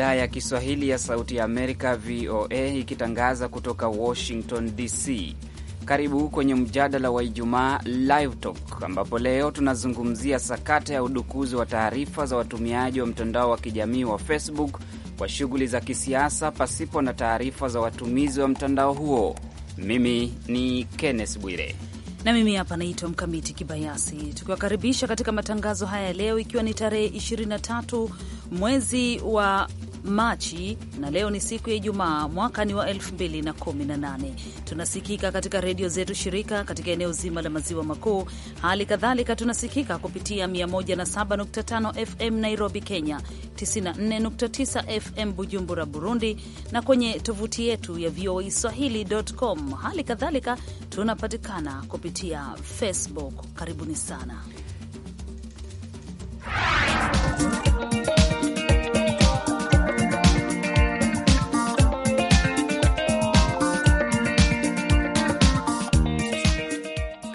idhaa ya Kiswahili ya Sauti ya Amerika, VOA, ikitangaza kutoka Washington DC. Karibu kwenye mjadala wa Ijumaa Live Talk, ambapo leo tunazungumzia sakata ya udukuzi wa taarifa za watumiaji wa mtandao wa kijamii wa Facebook kwa shughuli za kisiasa pasipo na taarifa za watumizi wa mtandao huo. Mimi ni Kenneth Bwire na mimi hapa naitwa Mkamiti Kibayasi, tukiwakaribisha katika matangazo haya ya leo, ikiwa ni tarehe 23 mwezi wa Machi na leo ni siku ya Ijumaa, mwaka ni wa 2018. Tunasikika katika redio zetu shirika katika eneo zima la maziwa makuu. Hali kadhalika tunasikika kupitia 107.5 FM Nairobi, Kenya, 94.9 FM Bujumbura, Burundi, na kwenye tovuti yetu ya VOA Swahili.com. Hali kadhalika tunapatikana kupitia Facebook. Karibuni sana.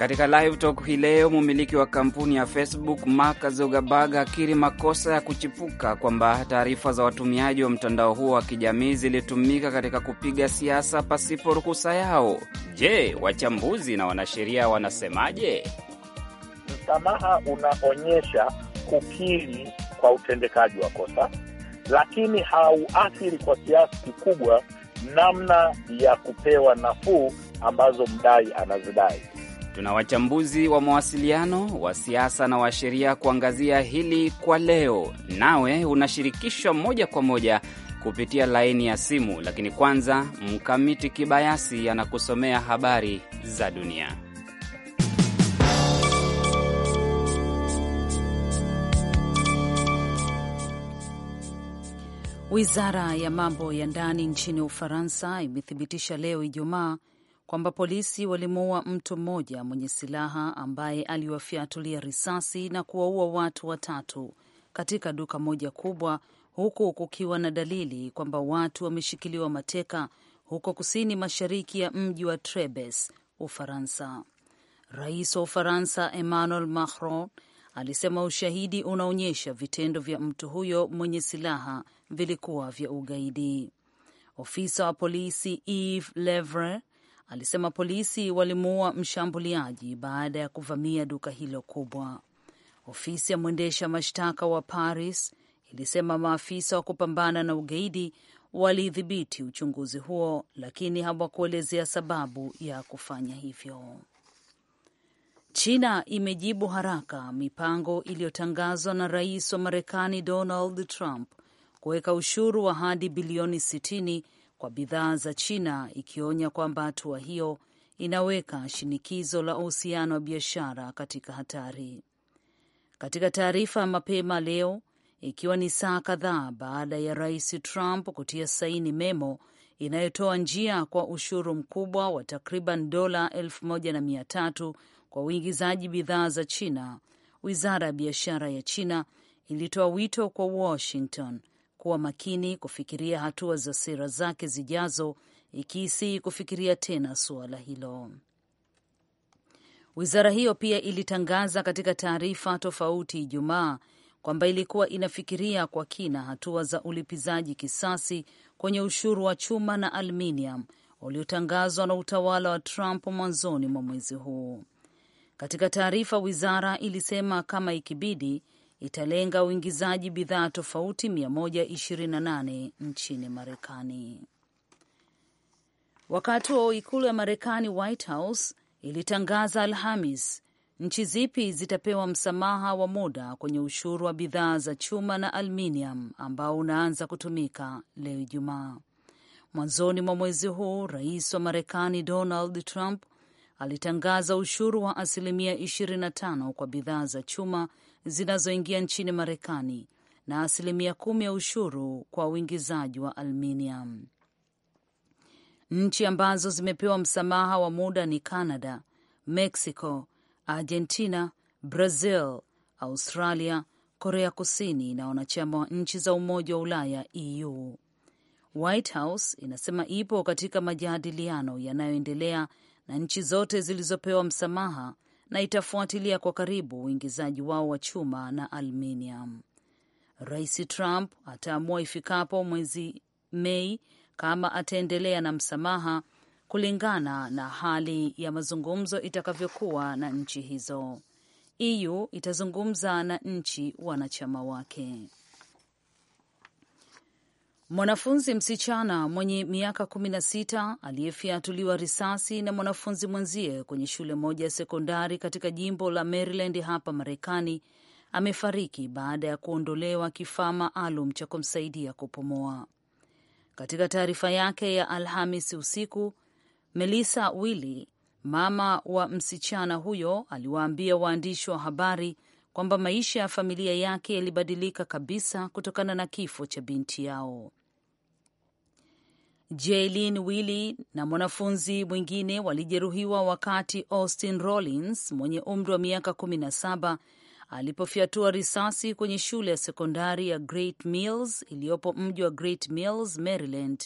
Katika live talk hii leo, mumiliki wa kampuni ya Facebook Mark Zuckerberg akiri makosa ya kuchipuka kwamba taarifa za watumiaji wa mtandao huo wa kijamii zilitumika katika kupiga siasa pasipo ruhusa yao. Je, wachambuzi na wanasheria wanasemaje? Msamaha unaonyesha kukiri kwa utendekaji wa kosa, lakini hauathiri kwa kiasi kikubwa namna ya kupewa nafuu ambazo mdai anazidai. Tuna wachambuzi wa mawasiliano, wa siasa na wa sheria kuangazia hili kwa leo, nawe unashirikishwa moja kwa moja kupitia laini ya simu. Lakini kwanza, Mkamiti Kibayasi anakusomea habari za dunia. Wizara ya mambo ya ndani nchini Ufaransa imethibitisha leo Ijumaa kwamba polisi walimuua mtu mmoja mwenye silaha ambaye aliwafyatulia risasi na kuwaua watu watatu katika duka moja kubwa, huku kukiwa na dalili kwamba watu wameshikiliwa mateka huko kusini mashariki ya mji wa Trebes, Ufaransa. Rais wa Ufaransa Emmanuel Macron alisema ushahidi unaonyesha vitendo vya mtu huyo mwenye silaha vilikuwa vya ugaidi. Ofisa wa polisi Yves Levre alisema polisi walimuua mshambuliaji baada ya kuvamia duka hilo kubwa. Ofisi ya mwendesha mashtaka wa Paris ilisema maafisa wa kupambana na ugaidi walidhibiti uchunguzi huo, lakini hawakuelezea sababu ya kufanya hivyo. China imejibu haraka mipango iliyotangazwa na rais wa Marekani Donald Trump kuweka ushuru wa hadi bilioni sitini kwa bidhaa za China, ikionya kwamba hatua hiyo inaweka shinikizo la uhusiano wa biashara katika hatari. Katika taarifa ya mapema leo, ikiwa ni saa kadhaa baada ya Rais Trump kutia saini memo inayotoa njia kwa ushuru mkubwa wa takriban dola elfu moja na mia tatu kwa uingizaji bidhaa za China, wizara ya biashara ya China ilitoa wito kwa Washington kuwa makini kufikiria hatua za sera zake zijazo, ikiisii kufikiria tena suala hilo. Wizara hiyo pia ilitangaza katika taarifa tofauti Ijumaa kwamba ilikuwa inafikiria kwa kina hatua za ulipizaji kisasi kwenye ushuru wa chuma na aluminium uliotangazwa na utawala wa Trump mwanzoni mwa mwezi huu. Katika taarifa, wizara ilisema kama ikibidi italenga uingizaji bidhaa tofauti 128 nchini Marekani. Wakati wa ikulu ya Marekani, White House ilitangaza Alhamis nchi zipi zitapewa msamaha wa muda kwenye ushuru wa bidhaa za chuma na aluminium ambao unaanza kutumika leo Ijumaa. Mwanzoni mwa mwezi huu rais wa Marekani Donald Trump alitangaza ushuru wa asilimia 25 kwa bidhaa za chuma zinazoingia nchini Marekani na asilimia kumi ya ushuru kwa uingizaji wa aluminium. Nchi ambazo zimepewa msamaha wa muda ni Canada, Mexico, Argentina, Brazil, Australia, Korea Kusini na wanachama wa nchi za Umoja wa Ulaya, EU. White House inasema ipo katika majadiliano yanayoendelea na nchi zote zilizopewa msamaha na itafuatilia kwa karibu uingizaji wao wa chuma na aluminium. Rais Trump ataamua ifikapo mwezi Mei kama ataendelea na msamaha kulingana na hali ya mazungumzo itakavyokuwa na nchi hizo. EU itazungumza na nchi wanachama wake. Mwanafunzi msichana mwenye miaka kumi na sita aliyefiatuliwa risasi na mwanafunzi mwenzie kwenye shule moja ya sekondari katika jimbo la Maryland hapa Marekani amefariki baada ya kuondolewa kifaa maalum cha kumsaidia kupumua. Katika taarifa yake ya alhamis usiku, Melissa Willi, mama wa msichana huyo, aliwaambia waandishi wa habari kwamba maisha ya familia yake yalibadilika kabisa kutokana na kifo cha binti yao. Jaylin Willy na mwanafunzi mwingine walijeruhiwa wakati Austin Rollins mwenye umri wa miaka 17 alipofyatua risasi kwenye shule ya sekondari ya Great Mills iliyopo mji wa Great Mills, Maryland.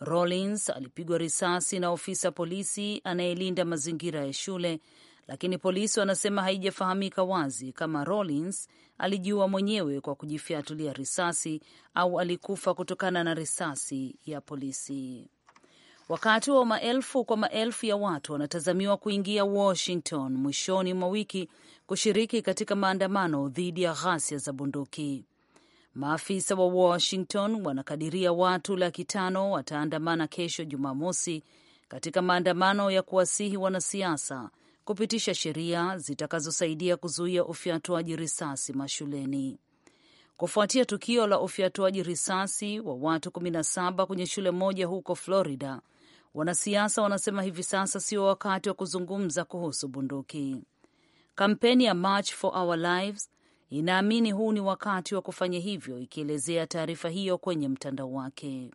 Rollins alipigwa risasi na ofisa polisi anayelinda mazingira ya shule lakini polisi wanasema haijafahamika wazi kama Rawlings alijiua mwenyewe kwa kujifyatulia risasi au alikufa kutokana na risasi ya polisi. Wakati wa maelfu kwa maelfu ya watu wanatazamiwa kuingia Washington mwishoni mwa wiki kushiriki katika maandamano dhidi ya ghasia za bunduki. Maafisa wa Washington wanakadiria watu laki tano wataandamana kesho Jumamosi katika maandamano ya kuwasihi wanasiasa kupitisha sheria zitakazosaidia kuzuia ufyatuaji risasi mashuleni. Kufuatia tukio la ufyatuaji risasi wa watu 17 kwenye shule moja huko Florida, wanasiasa wanasema hivi sasa sio wakati wa kuzungumza kuhusu bunduki. Kampeni ya March for Our Lives inaamini huu ni wakati wa kufanya hivyo, ikielezea taarifa hiyo kwenye mtandao wake.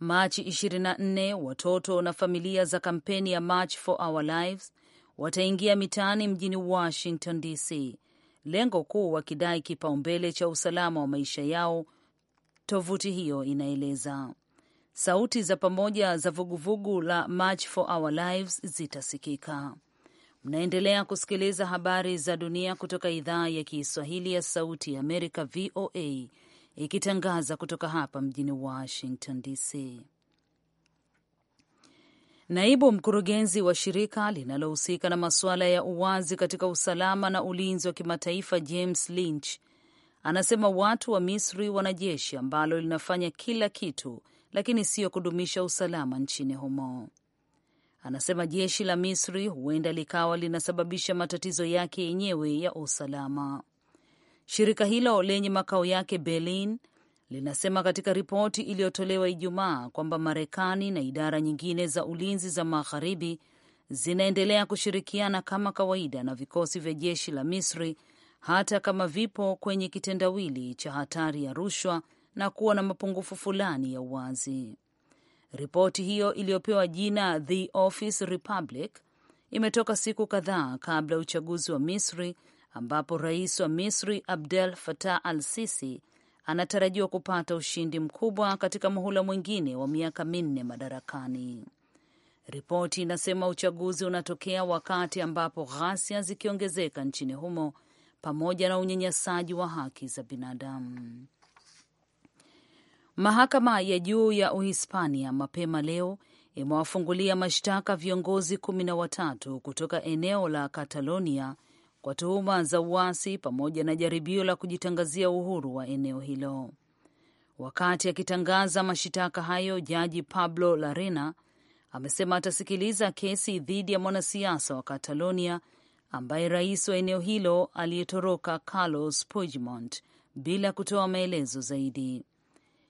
Machi 24 watoto na familia za kampeni ya March for Our Lives wataingia mitaani mjini Washington DC, lengo kuu wakidai kipaumbele cha usalama wa maisha yao. Tovuti hiyo inaeleza sauti za pamoja za vuguvugu la March for Our Lives zitasikika. Mnaendelea kusikiliza habari za dunia kutoka idhaa ya Kiswahili ya Sauti ya Amerika, VOA, ikitangaza kutoka hapa mjini Washington DC. Naibu mkurugenzi wa shirika linalohusika na masuala ya uwazi katika usalama na ulinzi wa kimataifa James Lynch anasema watu wa Misri wana jeshi ambalo linafanya kila kitu, lakini sio kudumisha usalama nchini humo. Anasema jeshi la Misri huenda likawa linasababisha matatizo yake yenyewe ya usalama. Shirika hilo lenye makao yake Berlin linasema katika ripoti iliyotolewa Ijumaa kwamba Marekani na idara nyingine za ulinzi za magharibi zinaendelea kushirikiana kama kawaida na vikosi vya jeshi la Misri hata kama vipo kwenye kitendawili cha hatari ya rushwa na kuwa na mapungufu fulani ya uwazi. Ripoti hiyo iliyopewa jina The Office Republic imetoka siku kadhaa kabla ya uchaguzi wa Misri ambapo rais wa Misri Abdel Fattah al Sisi anatarajiwa kupata ushindi mkubwa katika muhula mwingine wa miaka minne madarakani. Ripoti inasema uchaguzi unatokea wakati ambapo ghasia zikiongezeka nchini humo pamoja na unyanyasaji wa haki za binadamu. Mahakama ya juu ya Uhispania mapema leo imewafungulia mashtaka viongozi kumi na watatu kutoka eneo la Catalonia kwa tuhuma za uasi pamoja na jaribio la kujitangazia uhuru wa eneo hilo. Wakati akitangaza mashitaka hayo, jaji Pablo larena amesema atasikiliza kesi dhidi ya mwanasiasa wa Catalonia ambaye rais wa eneo hilo aliyetoroka Carlos Puigdemont bila kutoa maelezo zaidi.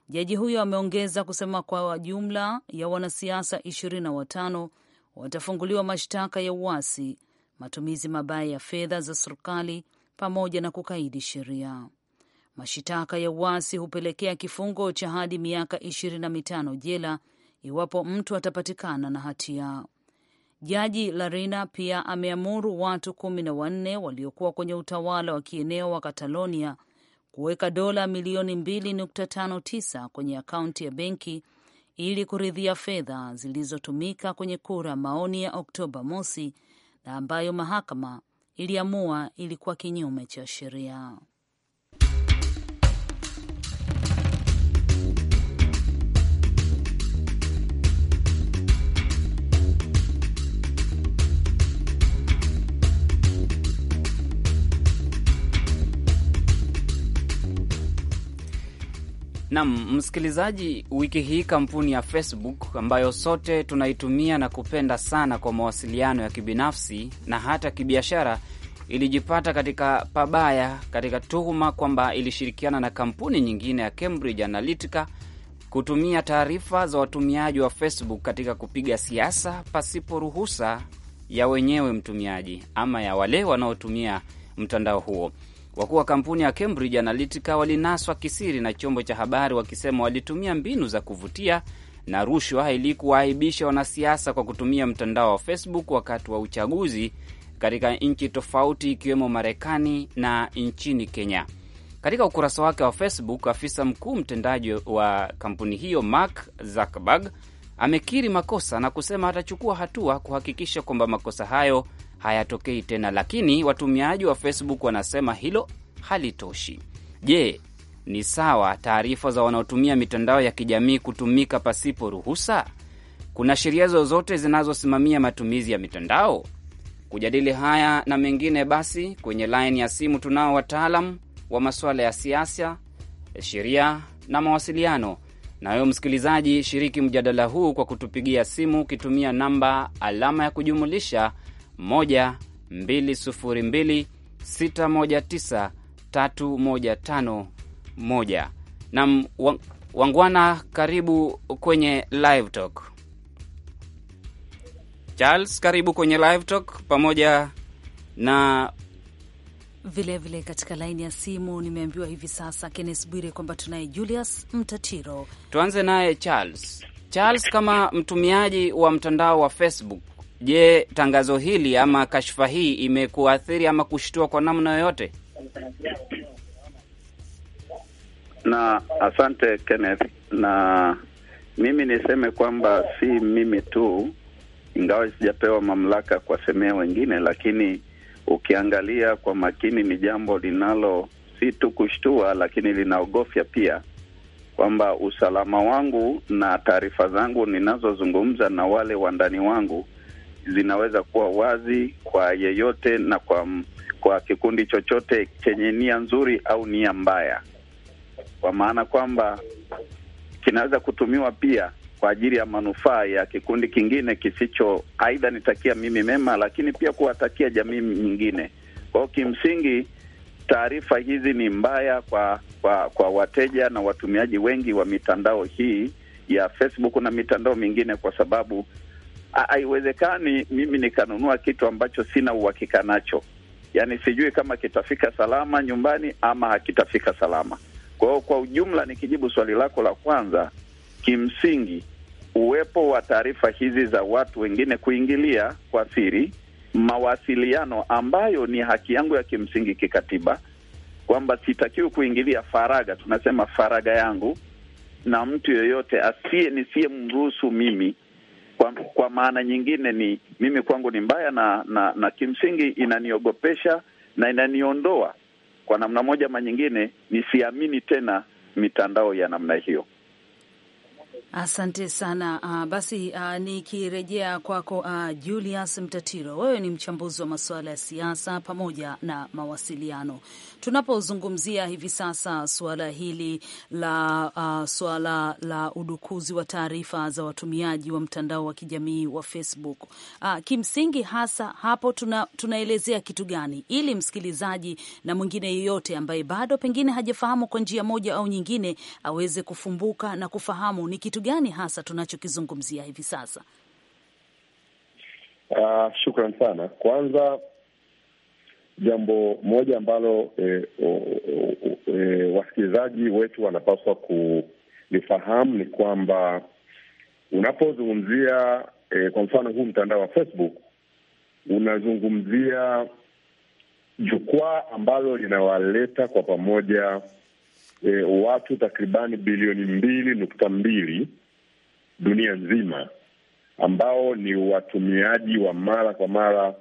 Jaji huyo ameongeza kusema kwa jumla ya wanasiasa ishirini na watano watafunguliwa mashtaka ya uasi matumizi mabaya ya fedha za serikali pamoja na kukaidi sheria. Mashitaka ya uasi hupelekea kifungo cha hadi miaka ishirini na mitano jela iwapo mtu atapatikana na hatia. Jaji Larina pia ameamuru watu kumi na wanne waliokuwa kwenye utawala wa kieneo wa Katalonia kuweka dola milioni 2.59 kwenye akaunti ya benki ili kuridhia fedha zilizotumika kwenye kura maoni ya Oktoba mosi na ambayo mahakama iliamua ilikuwa kinyume cha sheria. Nam msikilizaji, wiki hii kampuni ya Facebook ambayo sote tunaitumia na kupenda sana kwa mawasiliano ya kibinafsi na hata kibiashara ilijipata katika pabaya katika tuhuma kwamba ilishirikiana na kampuni nyingine ya Cambridge Analytica kutumia taarifa za watumiaji wa Facebook katika kupiga siasa pasipo ruhusa ya wenyewe mtumiaji ama ya wale wanaotumia mtandao huo. Wakuu wa kampuni ya Cambridge Analytica walinaswa kisiri na chombo cha habari wakisema walitumia mbinu za kuvutia na rushwa ili kuwaaibisha wanasiasa kwa kutumia mtandao wa Facebook wakati wa uchaguzi katika nchi tofauti ikiwemo Marekani na nchini Kenya. Katika ukurasa wake wa Facebook, afisa mkuu mtendaji wa kampuni hiyo Mark Zuckerberg amekiri makosa na kusema atachukua hatua kuhakikisha kwamba makosa hayo hayatokei tena, lakini watumiaji wa Facebook wanasema hilo halitoshi. Je, ni sawa taarifa za wanaotumia mitandao ya kijamii kutumika pasipo ruhusa? Kuna sheria zozote zinazosimamia matumizi ya mitandao? Kujadili haya na mengine, basi kwenye laini ya simu tunao wataalam wa masuala ya siasa, sheria na mawasiliano. Na wewe msikilizaji, shiriki mjadala huu kwa kutupigia simu ukitumia namba alama ya kujumulisha 12026193151 nam wangwana, karibu kwenye live talk. Charles, karibu kwenye live talk pamoja na vilevile vile katika laini ya simu nimeambiwa hivi sasa Kennes Bwire kwamba tunaye Julius Mtatiro. Tuanze naye Charles. Charles, kama mtumiaji wa mtandao wa Facebook Je, tangazo hili ama kashfa hii imekuathiri ama kushtua kwa namna yoyote? Na asante Kenneth, na mimi niseme kwamba si mimi tu, ingawa sijapewa mamlaka kuwasemea wengine, lakini ukiangalia kwa makini ni jambo linalo si tu kushtua, lakini linaogofya pia kwamba usalama wangu na taarifa zangu ninazozungumza na wale wandani wangu zinaweza kuwa wazi kwa yeyote na kwa, kwa kikundi chochote chenye nia nzuri au nia mbaya, kwa maana kwamba kinaweza kutumiwa pia kwa ajili ya manufaa ya kikundi kingine kisicho aidha nitakia mimi mema, lakini pia kuwatakia jamii nyingine. Kwa hiyo kimsingi taarifa hizi ni mbaya kwa, kwa kwa wateja na watumiaji wengi wa mitandao hii ya Facebook na mitandao mingine, kwa sababu haiwezekani mimi nikanunua kitu ambacho sina uhakika nacho, yaani sijui kama kitafika salama nyumbani ama hakitafika salama. Kwa hiyo kwa ujumla, nikijibu swali lako la kwanza, kimsingi uwepo wa taarifa hizi za watu wengine kuingilia kwa siri mawasiliano ambayo ni haki yangu ya kimsingi kikatiba, kwamba sitakiwi kuingilia faraga tunasema faraga yangu na mtu yoyote asiye nisiye mruhusu mimi kwa, kwa maana nyingine ni mimi kwangu ni mbaya na na, na kimsingi inaniogopesha na inaniondoa kwa namna moja ama nyingine, nisiamini tena mitandao ya namna hiyo. Asante sana. Uh, basi uh, nikirejea kwako uh, Julius Mtatiro, wewe ni mchambuzi wa masuala ya siasa pamoja na mawasiliano tunapozungumzia hivi sasa suala hili la uh, suala la udukuzi wa taarifa za watumiaji wa mtandao wa kijamii wa Facebook. Uh, kimsingi hasa hapo tuna, tunaelezea kitu gani ili msikilizaji na mwingine yeyote ambaye bado pengine hajafahamu kwa njia moja au nyingine aweze kufumbuka na kufahamu ni kitu gani hasa tunachokizungumzia hivi sasa. Uh, shukran sana. Kwanza jambo moja ambalo e, e, wasikilizaji wetu wanapaswa kulifahamu ni kwamba unapozungumzia e, kwa mfano huu mtandao wa Facebook unazungumzia jukwaa ambalo linawaleta kwa pamoja e, watu takribani bilioni mbili nukta mbili dunia nzima ambao ni watumiaji wa mara kwa mara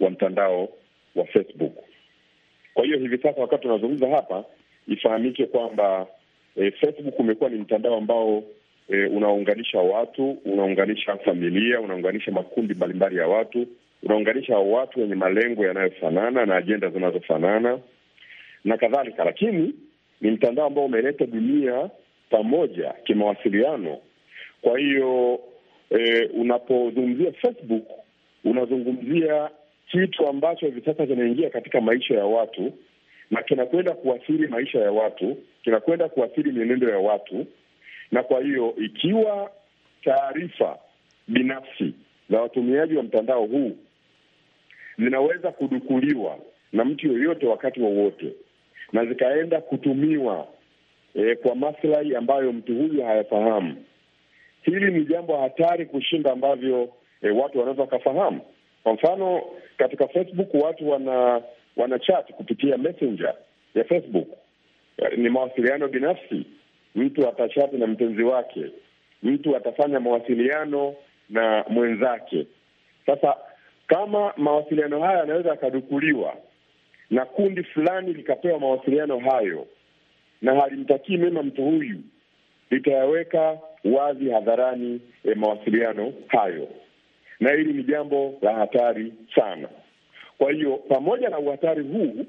wa mtandao wa Facebook. Kwa hiyo hivi sasa wakati tunazungumza hapa, ifahamike kwamba e, Facebook umekuwa ni mtandao ambao e, unaunganisha watu, unaunganisha familia, unaunganisha makundi mbalimbali ya watu, unaunganisha watu wenye malengo yanayofanana na ajenda zinazofanana na kadhalika, lakini ni mtandao ambao umeleta dunia pamoja kimawasiliano. Kwa hiyo e, unapozungumzia Facebook unazungumzia kitu ambacho hivi sasa kinaingia katika maisha ya watu na kinakwenda kuathiri maisha ya watu, kinakwenda kuathiri mienendo ya watu. Na kwa hiyo ikiwa taarifa binafsi za watumiaji wa mtandao huu zinaweza kudukuliwa na mtu yoyote wakati wowote wa na zikaenda kutumiwa e, kwa maslahi ambayo mtu huyu hayafahamu, hili ni jambo hatari kushinda ambavyo e, watu wanaweza wakafahamu. Kwa mfano katika Facebook watu wana chat kupitia messenger ya Facebook, eh, ni mawasiliano binafsi. Mtu atachat na mpenzi wake, mtu atafanya mawasiliano na mwenzake. Sasa kama mawasiliano haya yanaweza yakadukuliwa na kundi fulani likapewa mawasiliano hayo na halimtakii mema mtu huyu, litayaweka wazi hadharani eh, mawasiliano hayo na hili ni jambo la hatari sana. Kwa hiyo pamoja na uhatari huu,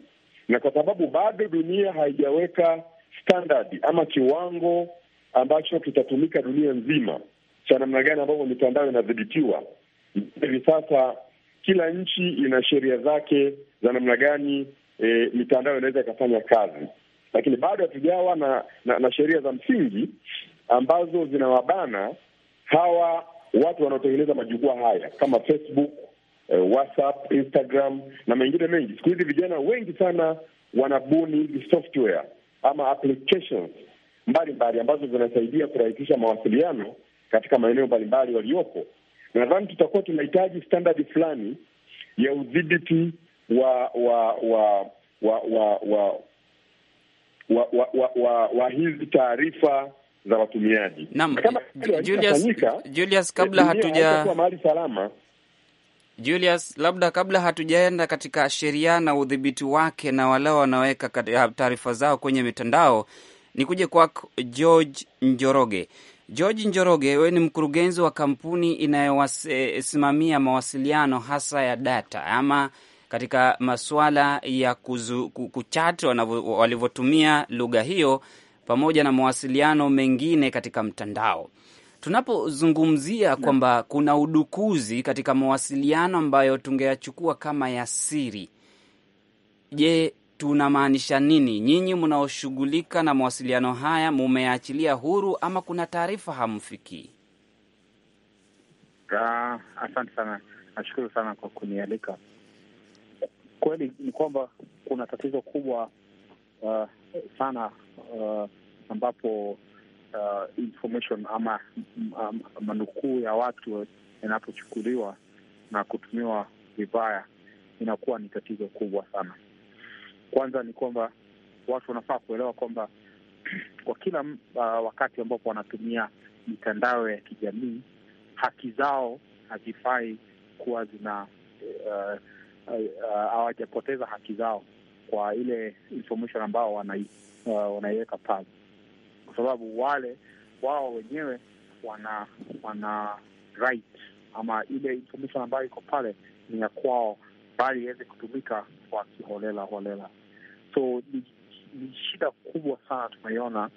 na kwa sababu bado dunia haijaweka standard ama kiwango ambacho kitatumika dunia nzima cha namna gani ambavyo mitandao inadhibitiwa hivi sasa, kila nchi ina sheria zake za namna gani e, mitandao inaweza ikafanya kazi, lakini bado hatujawa na, na, na sheria za msingi ambazo zinawabana hawa watu wanaotengeneza majukwaa haya kama Facebook, eh, WhatsApp, Instagram na mengine mengi. Siku hizi vijana wengi sana wanabuni hizi software ama applications mbalimbali ambazo zinasaidia kurahisisha mawasiliano katika maeneo mbalimbali waliopo. Nadhani tutakuwa tunahitaji standard fulani ya udhibiti wa wa wa wa wa wa wa, wa, wa, wa, wa hizi taarifa za watumiaji. Naam, Julius, Julius, eh, kabla hatuja mahali salama Julius, labda kabla hatujaenda katika sheria na udhibiti wake na wale wanaweka eh, taarifa zao kwenye mitandao, ni kuja kwako George Njoroge. George Njoroge, wewe ni mkurugenzi wa kampuni inayosimamia mawasiliano hasa ya data ama katika masuala ya kuchat walivyotumia lugha hiyo pamoja na mawasiliano mengine katika mtandao. Tunapozungumzia kwamba kuna udukuzi katika mawasiliano ambayo tungeyachukua kama ya siri, je, tunamaanisha nini? Nyinyi mnaoshughulika na mawasiliano haya mumeachilia huru ama kuna taarifa hamfikii? Ah, asante sana, nashukuru sana kwa kunialika. Kweli ni kwamba kuna tatizo kubwa uh, sana uh, ambapo uh, information ama um, manukuu ya watu yanapochukuliwa na kutumiwa vibaya inakuwa ni tatizo kubwa sana. Kwanza ni kwamba watu wanafaa kuelewa kwamba kwa kila uh, wakati ambapo wanatumia mitandao ya kijamii haki zao hazifai kuwa zina hawajapoteza uh, uh, uh, haki zao kwa ile information ambao uh, wanaiweka uh, pale, kwa sababu wale wao wenyewe wana wana right ama ile information ambayo iko pale ni ya kwao, bali iweze kutumika kwa kiholela holela. So ni, ni shida kubwa sana tumeiona,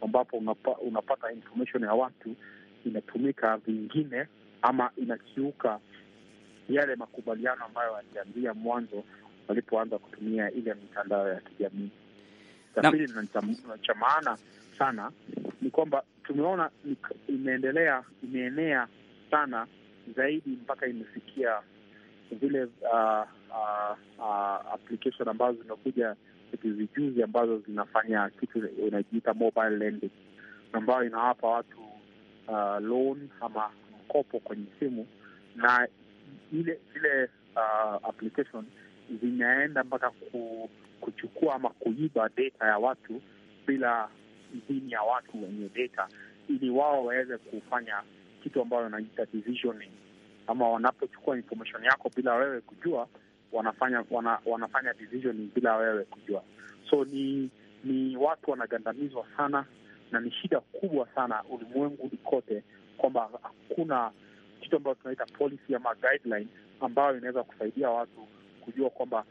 ambapo unapa, unapata information ya watu inatumika vingine ama inakiuka yale makubaliano ambayo yalianzia mwanzo walipoanza kutumia ile mitandao ya kijamii. La pili cha maana sana ni kwamba tumeona imeendelea, imeenea sana zaidi mpaka imefikia zile uh, uh, uh, application ambazo zimekuja vijuzi ambazo zinafanya kitu inajiita mobile lending ambayo inawapa watu uh, loan ama mkopo kwenye simu, na ile zile uh, application zinaenda mpaka ku, kuchukua ama kuiba data ya watu bila idhini ya watu wenye data, ili wao waweze kufanya kitu ambayo wanaita decisioning, ama wanapochukua information yako bila wewe kujua, wanafanya wana, wanafanya decisioning bila wewe kujua. So ni ni watu wanagandamizwa sana, na ni shida kubwa sana ulimwengu kote, kwamba hakuna kitu ambayo tunaita policy ama guideline ambayo inaweza kusaidia watu kujua kwamba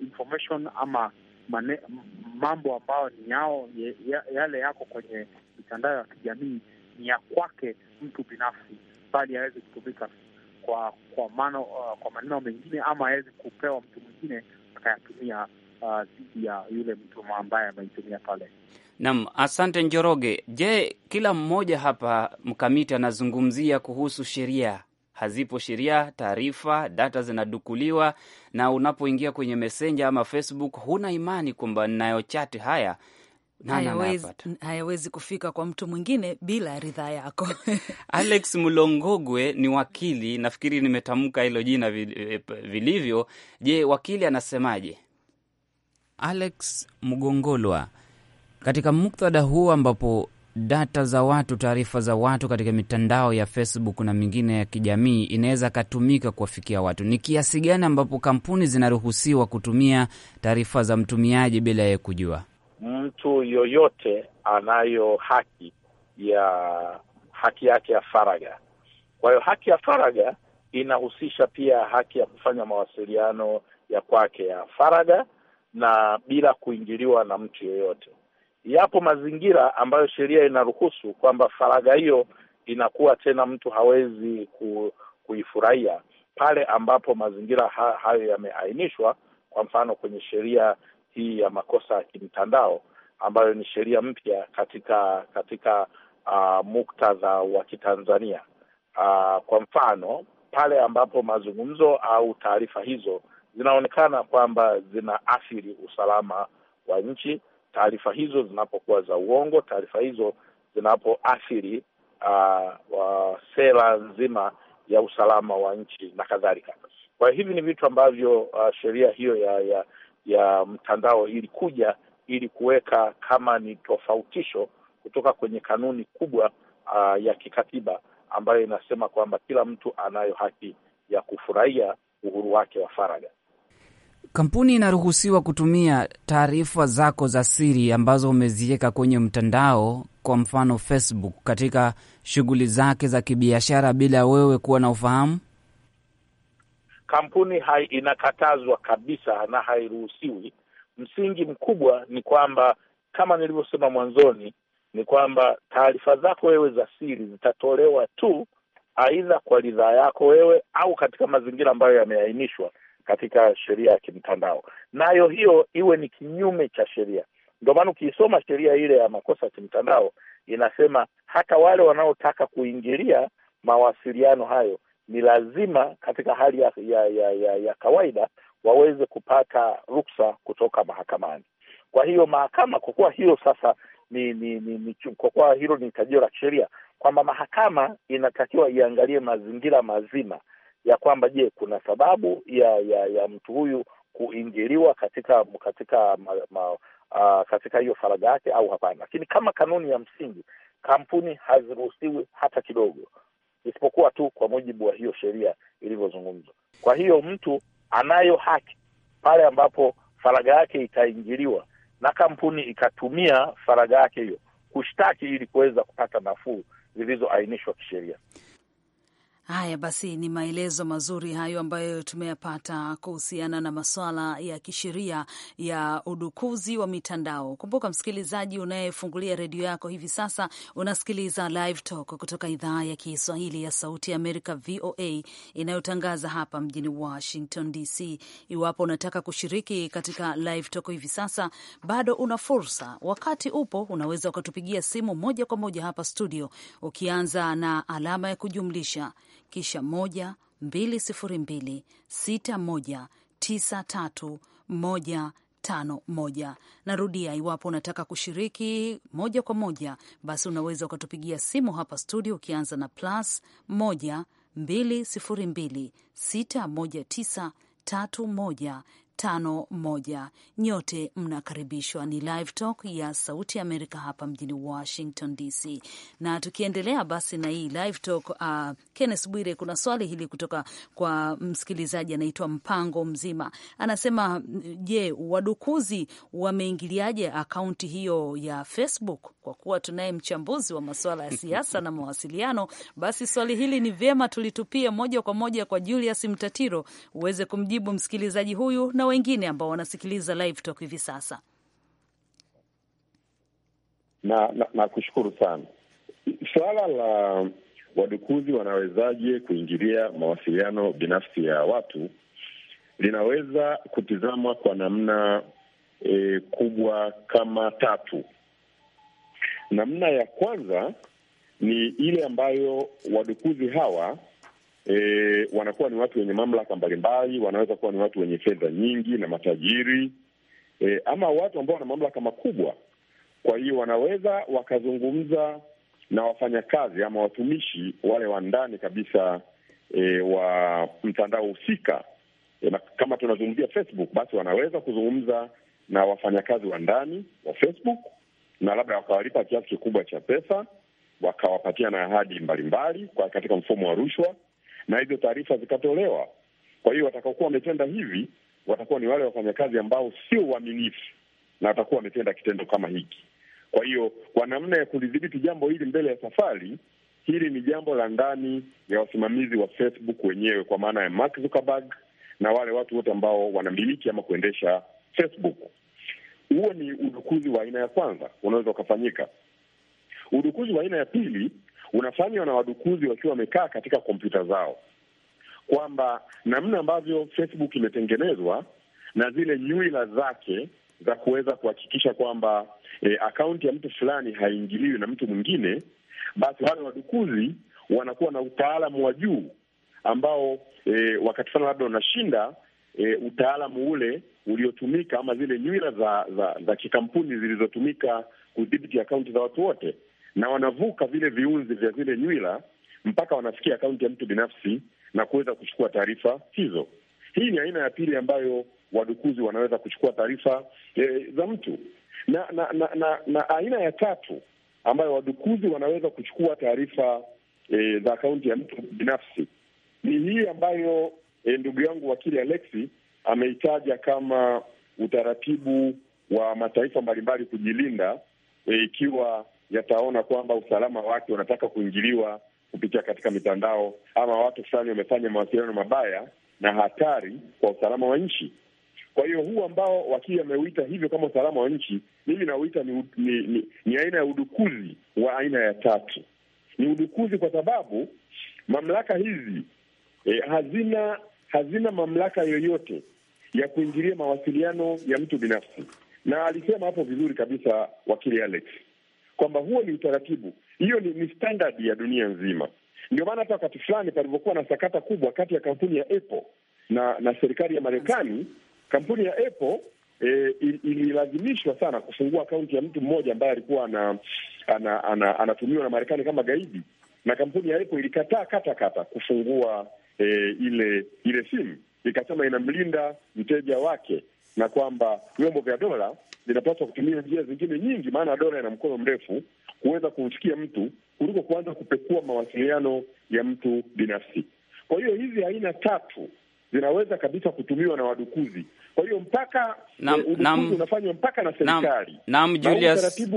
information ama mane, mambo ambayo ni yao yale yako kwenye mitandao ya kijamii ni ya kwake mtu binafsi, bali aweze kutumika kwa kwa mano, uh, kwa maneno mengine ama aweze kupewa mtu mwingine akayatumia uh, dhidi uh, ya yule mtu ambaye ameitumia pale. Naam, asante Njoroge. Je, kila mmoja hapa mkamiti anazungumzia kuhusu sheria hazipo sheria, taarifa, data zinadukuliwa, na unapoingia kwenye Messenger ama Facebook huna imani kwamba nayochati haya hayawezi kufika kwa mtu mwingine bila ridhaa yako. Alex Mlongogwe ni wakili, nafikiri nimetamka hilo jina eh, vilivyo. Je, wakili anasemaje? Alex Mgongolwa, katika muktadha huu ambapo data za watu, taarifa za watu katika mitandao ya Facebook na mingine ya kijamii inaweza katumika kuwafikia watu? Ni kiasi gani ambapo kampuni zinaruhusiwa kutumia taarifa za mtumiaji bila yeye kujua? Mtu yoyote anayo haki ya haki yake ya faraga Kwa hiyo haki ya faraga inahusisha pia haki ya kufanya mawasiliano ya kwake ya faraga na bila kuingiliwa na mtu yoyote yapo mazingira ambayo sheria inaruhusu kwamba faragha hiyo inakuwa tena mtu hawezi ku, kuifurahia pale ambapo mazingira ha, hayo yameainishwa, kwa mfano kwenye sheria hii ya makosa ya kimtandao ambayo ni sheria mpya katika katika uh, muktadha wa Kitanzania. Uh, kwa mfano pale ambapo mazungumzo au taarifa hizo zinaonekana kwamba zinaathiri usalama wa nchi taarifa hizo zinapokuwa za uongo, taarifa hizo zinapoathiri uh, sera nzima ya usalama wa nchi na kadhalika. Kwa hiyo hivi ni vitu ambavyo uh, sheria hiyo ya, ya ya mtandao ilikuja ili kuweka kama ni tofautisho kutoka kwenye kanuni kubwa uh, ya kikatiba ambayo inasema kwamba kila mtu anayo haki ya kufurahia uhuru wake wa faragha kampuni inaruhusiwa kutumia taarifa zako za siri ambazo umeziweka kwenye mtandao, kwa mfano Facebook, katika shughuli zake za kibiashara bila wewe kuwa na ufahamu? Kampuni hai inakatazwa kabisa na hairuhusiwi. Msingi mkubwa ni kwamba kama nilivyosema mwanzoni, ni kwamba taarifa zako wewe za siri zitatolewa tu aidha kwa ridhaa yako wewe au katika mazingira ambayo yameainishwa katika sheria ya kimtandao, nayo hiyo iwe ni kinyume cha sheria. Ndio maana ukiisoma sheria ile ya makosa ya kimtandao inasema hata wale wanaotaka kuingilia mawasiliano hayo ni lazima katika hali ya, ya, ya, ya, ya kawaida waweze kupata ruksa kutoka mahakamani. Kwa hiyo mahakama, kwa kuwa hiyo sasa ni, ni, ni, ni kwa kuwa hilo ni tajio la kisheria kwamba mahakama inatakiwa iangalie mazingira mazima ya kwamba je, kuna sababu ya ya, ya mtu huyu kuingiliwa katika katika ma, ma, uh, katika hiyo faragha yake au hapana. Lakini kama kanuni ya msingi, kampuni haziruhusiwi hata kidogo, isipokuwa tu kwa mujibu wa hiyo sheria ilivyozungumzwa. Kwa hiyo mtu anayo haki pale ambapo faragha yake itaingiliwa na kampuni ikatumia faragha yake hiyo kushtaki ili kuweza kupata nafuu zilizoainishwa kisheria. Haya basi, ni maelezo mazuri hayo ambayo tumeyapata kuhusiana na masuala ya kisheria ya udukuzi wa mitandao. Kumbuka msikilizaji, unayefungulia redio yako hivi sasa, unasikiliza Live Talk kutoka idhaa ya Kiswahili ya Sauti ya Amerika, VOA, inayotangaza hapa mjini Washington DC. Iwapo unataka kushiriki katika Live Talk hivi sasa, bado una fursa. Wakati upo, unaweza ukatupigia simu moja kwa moja hapa studio, ukianza na alama ya kujumlisha kisha moja Tano, moja. Narudia, iwapo unataka kushiriki moja kwa moja, basi unaweza ukatupigia simu hapa studio ukianza na plus moja tisa tatu moja 1. Nyote mnakaribishwa, ni Live Talk ya Sauti ya Amerika hapa mjini Washington DC. Na tukiendelea basi na hii Live Talk, uh, Kenneth Bwire, kuna swali hili kutoka kwa msikilizaji anaitwa Mpango Mzima, anasema je, wadukuzi wameingiliaje akaunti hiyo ya Facebook? Kwa kuwa tunaye mchambuzi wa masuala ya siasa na mawasiliano, basi swali hili ni vyema tulitupie moja kwa moja kwa Julius Mtatiro uweze kumjibu msikilizaji huyu na wengine ambao wanasikiliza live talk hivi sasa. Na nakushukuru na sana. Suala la wadukuzi wanawezaje kuingilia mawasiliano binafsi ya watu linaweza kutizamwa kwa namna e, kubwa kama tatu. Namna ya kwanza ni ile ambayo wadukuzi hawa e, wanakuwa ni watu wenye mamlaka mbalimbali, wanaweza kuwa ni watu wenye fedha nyingi na matajiri e, ama watu ambao wana mamlaka makubwa. Kwa hiyo wanaweza wakazungumza na wafanyakazi ama watumishi wale wa ndani kabisa e, wa mtandao husika e, na kama tunazungumzia Facebook, basi wanaweza kuzungumza na wafanyakazi wa ndani wa Facebook na labda wakawalipa kiasi kikubwa cha pesa, wakawapatia na ahadi mbalimbali kwa katika mfumo wa rushwa, na hizo taarifa zikatolewa. Kwa hiyo watakaokuwa wametenda hivi watakuwa ni wale wafanyakazi ambao sio waaminifu na watakuwa wametenda kitendo kama hiki. Kwa hiyo kwa namna ya kulidhibiti jambo hili mbele ya safari, hili ni jambo la ndani ya wasimamizi wa Facebook wenyewe, kwa maana ya Mark Zuckerberg na wale watu wote ambao wanamiliki ama kuendesha Facebook. Huo ni udukuzi wa aina ya kwanza unaweza ukafanyika. Udukuzi wa aina ya pili unafanywa na wadukuzi wakiwa wamekaa katika kompyuta zao, kwamba namna ambavyo Facebook imetengenezwa na zile nywila zake za kuweza kuhakikisha kwamba e, eh, akaunti ya mtu fulani haingiliwi na mtu mwingine, basi wale wadukuzi wanakuwa na utaalamu wa juu ambao e, wakati fana labda wanashinda e, eh, utaalamu ule uliotumika ama zile nywila za, za, za kikampuni zilizotumika kudhibiti akaunti za watu wote na wanavuka vile viunzi vya zile nywila mpaka wanafikia akaunti ya mtu binafsi na kuweza kuchukua taarifa hizo. Hii ni aina ya pili ambayo wadukuzi wanaweza kuchukua taarifa e, za mtu na na, na na na aina ya tatu ambayo wadukuzi wanaweza kuchukua taarifa e, za akaunti ya mtu binafsi ni hii ambayo e, ndugu yangu wakili Alexi ameitaja kama utaratibu wa mataifa mbalimbali kujilinda e, ikiwa e, yataona kwamba usalama wake unataka kuingiliwa kupitia katika mitandao ama watu fulani wamefanya mawasiliano mabaya na hatari kwa usalama wa nchi. Kwa hiyo huu ambao wakili ameuita hivyo kama usalama wa nchi, mimi nauita ni, ni, ni, ni aina ya udukuzi wa aina ya tatu. Ni udukuzi kwa sababu mamlaka hizi eh, hazina hazina mamlaka yoyote ya kuingilia mawasiliano ya mtu binafsi, na alisema hapo vizuri kabisa wakili Alex kwamba huo ni utaratibu, hiyo ni, ni standard ya dunia nzima. Ndio maana hata wakati fulani palivyokuwa na sakata kubwa kati ya kampuni ya Apple na na serikali ya Marekani, kampuni ya Apple E, ililazimishwa sana kufungua akaunti ya mtu mmoja ambaye alikuwa ana, ana, ana, anatumiwa na Marekani kama gaidi, na kampuni ya Apple ilikataa kata kata kufungua e, ile ile simu, ikasema inamlinda mteja wake na kwamba vyombo vya dola zinapaswa kutumia njia zingine nyingi, maana dola ina mkono mrefu kuweza kumfikia mtu kuliko kuanza kupekua mawasiliano ya mtu binafsi. Kwa hiyo hizi aina tatu zinaweza kabisa kutumiwa na wadukuzi. Kwa hiyo mpaka eh, unafanywa mpaka na serikali. nam, Julius,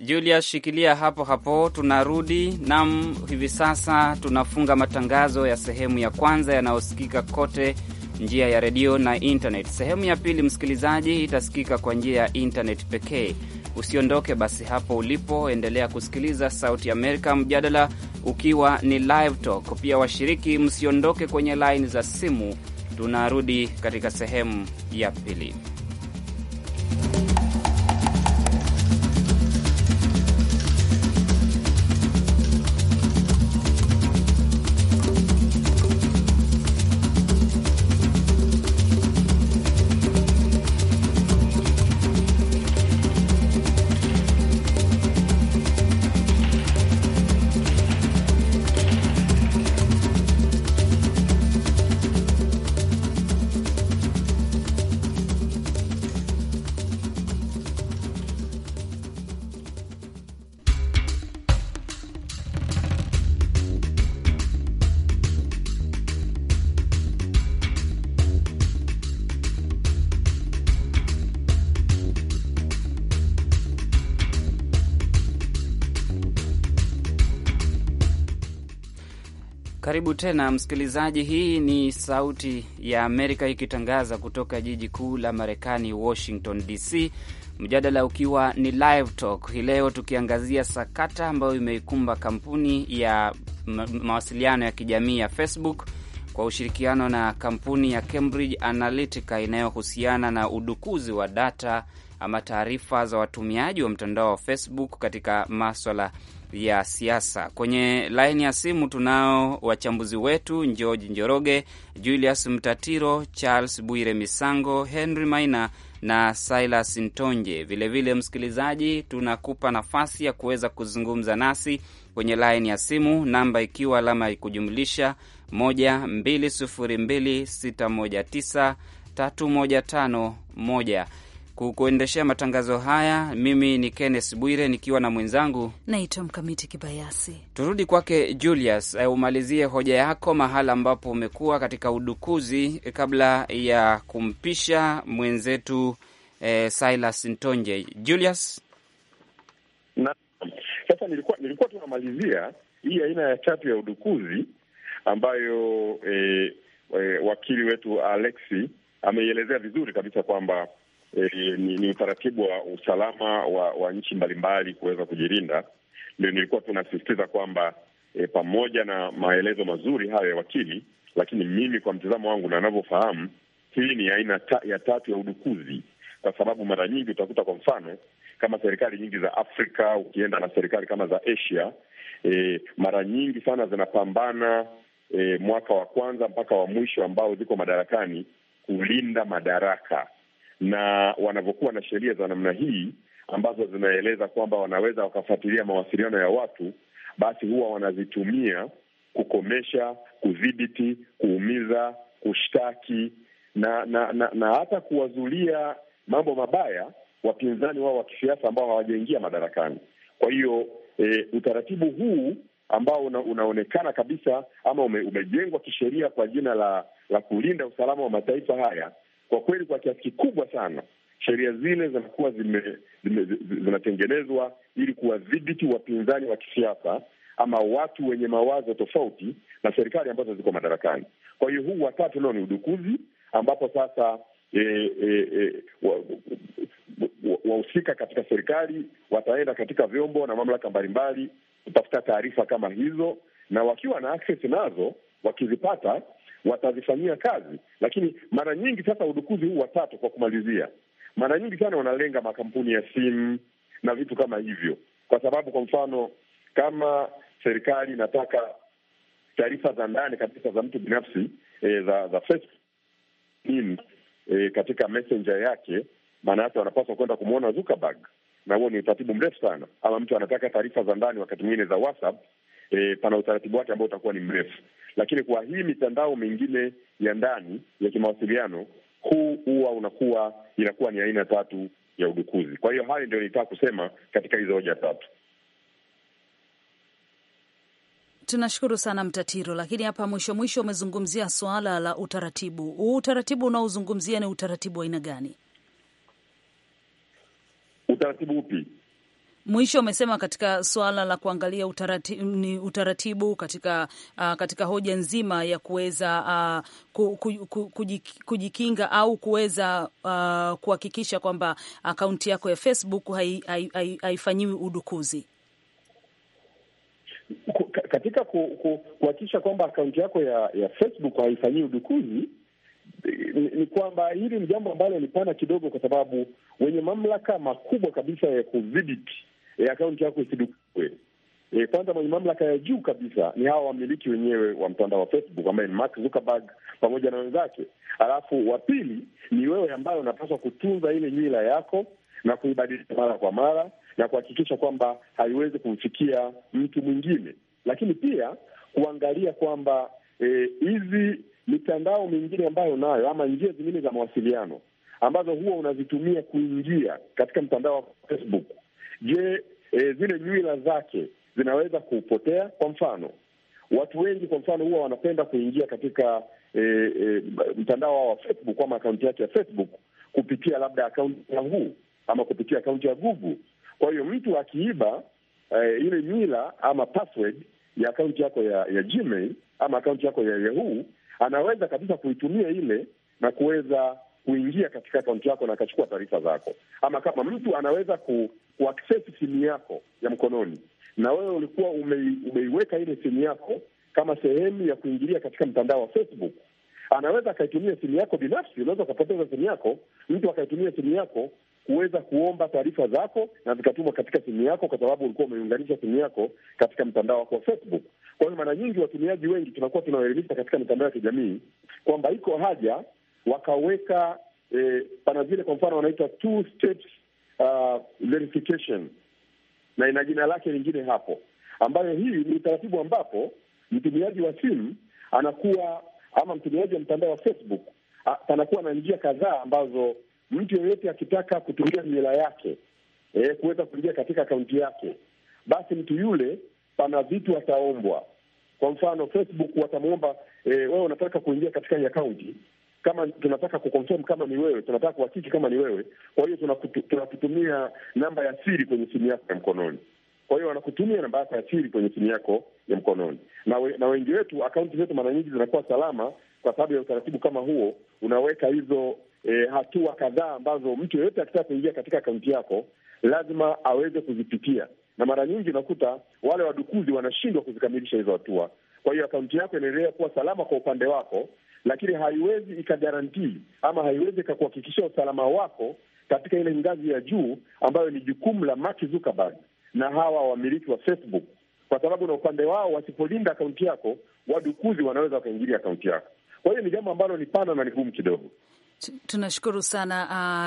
Julius, shikilia hapo hapo, tunarudi. nam hivi sasa tunafunga matangazo ya sehemu ya kwanza yanayosikika kote njia ya redio na intnet Sehemu ya pili, msikilizaji, itasikika kwa njia ya intanet pekee. Usiondoke basi hapo ulipo, endelea kusikiliza Sauti Amerika, mjadala ukiwa ni live talk. Pia washiriki, msiondoke kwenye laini za simu, tunarudi katika sehemu ya pili. Karibu tena msikilizaji, hii ni Sauti ya Amerika ikitangaza kutoka jiji kuu la Marekani, Washington DC, mjadala ukiwa ni Live Talk hii leo, tukiangazia sakata ambayo imeikumba kampuni ya mawasiliano ya kijamii ya Facebook kwa ushirikiano na kampuni ya Cambridge Analytica inayohusiana na udukuzi wa data ama taarifa za watumiaji wa mtandao wa Facebook katika maswala ya siasa. Kwenye laini ya simu tunao wachambuzi wetu George Njoroge, Julius Mtatiro, Charles Bwire Misango, Henry Maina na Silas Ntonje. Vilevile msikilizaji, tunakupa nafasi ya kuweza kuzungumza nasi kwenye laini ya simu, namba ikiwa alama ya kujumlisha 12026193151 kukuendeshea matangazo haya. Mimi ni Kenneth Bwire nikiwa na mwenzangu naitwa Mkamiti Kibayasi. Turudi kwake Julius, eh, umalizie hoja yako mahala ambapo umekuwa katika udukuzi eh, kabla ya kumpisha mwenzetu eh, Silas Ntonje. Julius, na sasa nilikuwa nilikuwa tunamalizia hii aina ya tatu ya udukuzi ambayo eh, eh, wakili wetu Alexi ameielezea vizuri kabisa kwamba e, ni, ni utaratibu wa usalama wa, wa nchi mbalimbali kuweza kujilinda. Ndio nilikuwa tunasisitiza kwamba e, pamoja na maelezo mazuri hayo ya wakili, lakini mimi kwa mtizamo wangu na anavyofahamu, hii ni aina ta, ya tatu ya udukuzi, kwa sababu mara nyingi utakuta kwa mfano kama serikali nyingi za Afrika ukienda na serikali kama za Asia e, mara nyingi sana zinapambana e, mwaka wa kwanza mpaka wa mwisho ambao ziko madarakani kulinda madaraka na wanavyokuwa na sheria za namna hii ambazo zinaeleza kwamba wanaweza wakafuatilia mawasiliano ya watu, basi huwa wanazitumia kukomesha, kudhibiti, kuumiza, kushtaki na na, na na hata kuwazulia mambo mabaya wapinzani wao wa kisiasa ambao hawajaingia madarakani. Kwa hiyo e, utaratibu huu ambao una, unaonekana kabisa ama ume, umejengwa kisheria kwa jina la la kulinda usalama wa mataifa haya kwa kweli, kwa kiasi kikubwa sana sheria zile zinakuwa zinatengenezwa ili kuwadhibiti wapinzani wa kisiasa ama watu wenye mawazo tofauti na serikali ambazo ziko madarakani. Kwa hiyo huu watatu nao ni udukuzi, ambapo sasa e, e, e, wahusika wa, wa katika serikali wataenda katika vyombo na mamlaka mbalimbali kutafuta taarifa kama hizo, na wakiwa na access nazo, wakizipata watazifanyia kazi. Lakini mara nyingi sasa, udukuzi huu watatu, kwa kumalizia, mara nyingi sana wanalenga makampuni ya simu na vitu kama hivyo, kwa sababu kwa mfano kama serikali inataka taarifa za ndani kabisa za mtu binafsi e, za za Facebook in, e, katika messenger yake, maana yake wanapaswa kwenda kumwona Zuckerberg, na huo ni utaratibu mrefu sana. Ama mtu anataka taarifa za ndani wakati mwingine za WhatsApp, e, pana utaratibu wake ambao utakuwa ni mrefu lakini kwa hii mitandao mingine ya ndani ya kimawasiliano, huu huwa unakuwa inakuwa ni aina tatu ya udukuzi. Kwa hiyo hayo ndio nilitaka kusema katika hizo hoja tatu. Tunashukuru sana Mtatiro, lakini hapa mwisho mwisho umezungumzia suala la utaratibu. Huu utaratibu unaozungumzia ni utaratibu wa aina gani? Utaratibu upi? Mwisho umesema katika suala la kuangalia ni utaratibu katika, uh, katika hoja nzima ya kuweza uh, kujikinga au kuweza uh, kuhakikisha kwamba akaunti yako ya Facebook haifanyiwi hai, hai, hai udukuzi katika kuhakikisha kwamba akaunti yako ya, ya Facebook haifanyii udukuzi ni kwamba hili ni jambo ambalo ni pana kidogo, kwa sababu wenye mamlaka makubwa kabisa ya kudhibiti e, akaunti yako isidukwe. E, kwanza mwenye mamlaka ya juu kabisa ni hawa wamiliki wenyewe wa mtandao wa Facebook ambaye ni Mark Zuckerberg pamoja na wenzake. Alafu wa pili ni wewe ambaye unapaswa kutunza ile nywila yako na kuibadilisha mara kwa mara na kuhakikisha kwamba haiwezi kumfikia mtu mwingine, lakini pia kuangalia kwamba e, hizi e, mitandao mingine ambayo unayo ama njia zingine za mawasiliano ambazo huwa unazitumia kuingia katika mtandao wa Facebook Je, e, zile nywila zake zinaweza kupotea? Kwa mfano watu wengi, kwa mfano, huwa wanapenda kuingia katika e, e, mtandao wao wa Facebook ama akaunti yake ya Facebook kupitia labda akaunti ya Yahoo ama kupitia akaunti ya Google. Kwa hiyo mtu akiiba e, ile nywila ama password ya akaunti yako ya, ya Gmail ama akaunti yako ya Yahoo, anaweza kabisa kuitumia ile na kuweza kuingia katika akaunti yako na akachukua taarifa zako, ama kama mtu anaweza ku kuaksesi simu yako ya mkononi, na wewe ulikuwa umeiweka ile simu yako kama sehemu ya kuingilia katika mtandao wa Facebook. Anaweza akaitumia simu yako binafsi, unaweza ukapoteza simu yako, mtu akaitumia simu yako kuweza kuomba taarifa zako na zikatumwa katika simu yako, kwa sababu ulikuwa umeunganisha simu yako katika mtandao wako wa Facebook. Kwa hiyo mara nyingi watumiaji wengi tunakuwa tunawaelimisha katika mitandao ya kijamii kwamba iko haja wakaweka eh, pana vile, kwa mfano wanaita two steps uh, verification na ina jina lake lingine hapo, ambayo hii ni utaratibu ambapo mtumiaji wa simu anakuwa ama mtumiaji wa mtandao wa Facebook anakuwa na njia kadhaa ambazo mtu yeyote akitaka kutumia nywila yake eh, kuweza kuingia katika akaunti yake, basi mtu yule pana vitu ataombwa. Kwa mfano, Facebook watamwomba eh, wewe unataka kuingia katika hii akaunti kama tunataka kuconfirm kama ni wewe, tunataka kuhakiki kama ni wewe. Kwa hiyo tunakutumia namba ya siri kwenye simu yako ya mkononi. Kwa hiyo wanakutumia namba yako ya siri kwenye simu yako ya mkononi, na, we, na wengi wetu akaunti zetu mara nyingi zinakuwa salama kwa sababu ya utaratibu kama huo, unaweka hizo e, hatua kadhaa ambazo mtu yeyote akitaka kuingia katika akaunti yako lazima aweze kuzipitia, na mara nyingi unakuta wale wadukuzi wanashindwa kuzikamilisha hizo hatua. Kwa hiyo akaunti yako inaendelea kuwa salama kwa upande wako, lakini haiwezi ikagarantii ama haiwezi ikakuhakikishia usalama wako katika ile ngazi ya juu ambayo ni jukumu la Mark Zuckerberg na hawa wamiliki wa Facebook, kwa sababu na upande wao wasipolinda akaunti yako, wadukuzi wanaweza wakaingilia akaunti yako. Kwa hiyo ni jambo ambalo ni pana na ni gumu kidogo. Tunashukuru sana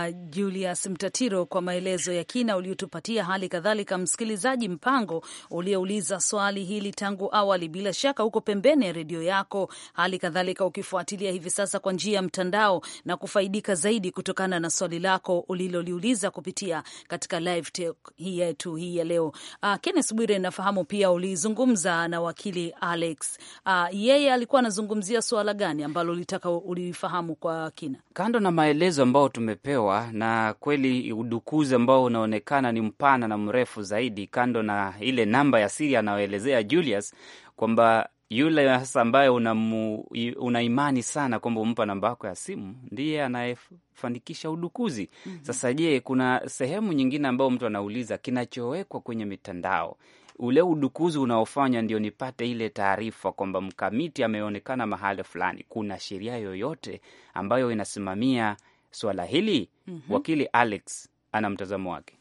uh, Julius Mtatiro kwa maelezo ya kina uliotupatia. Hali kadhalika msikilizaji Mpango uliouliza swali hili tangu awali, bila shaka uko pembeni ya redio yako, hali kadhalika ukifuatilia hivi sasa kwa njia ya mtandao na kufaidika zaidi kutokana na swali lako uliloliuliza kupitia katika live talk hii yetu hii ya leo. Uh, Kenneth Bwire, nafahamu pia ulizungumza na wakili Alex. Uh, yeye alikuwa anazungumzia suala gani ambalo ulitaka ulifahamu kwa kina? kando na maelezo ambayo tumepewa na kweli udukuzi ambao unaonekana ni mpana na mrefu zaidi, kando na ile namba ya siri anayoelezea Julius kwamba yule hasa ambaye una sana kwamba umpa namba yako ya simu ndiye anayefanikisha udukuzi. Mhm. Sasa je, kuna sehemu nyingine ambayo mtu anauliza kinachowekwa kwenye mitandao ule udukuzi unaofanya ndio nipate ile taarifa kwamba mkamiti ameonekana mahali fulani. Kuna sheria yoyote ambayo inasimamia swala hili? mm -hmm. Wakili Alex ana mtazamo wake.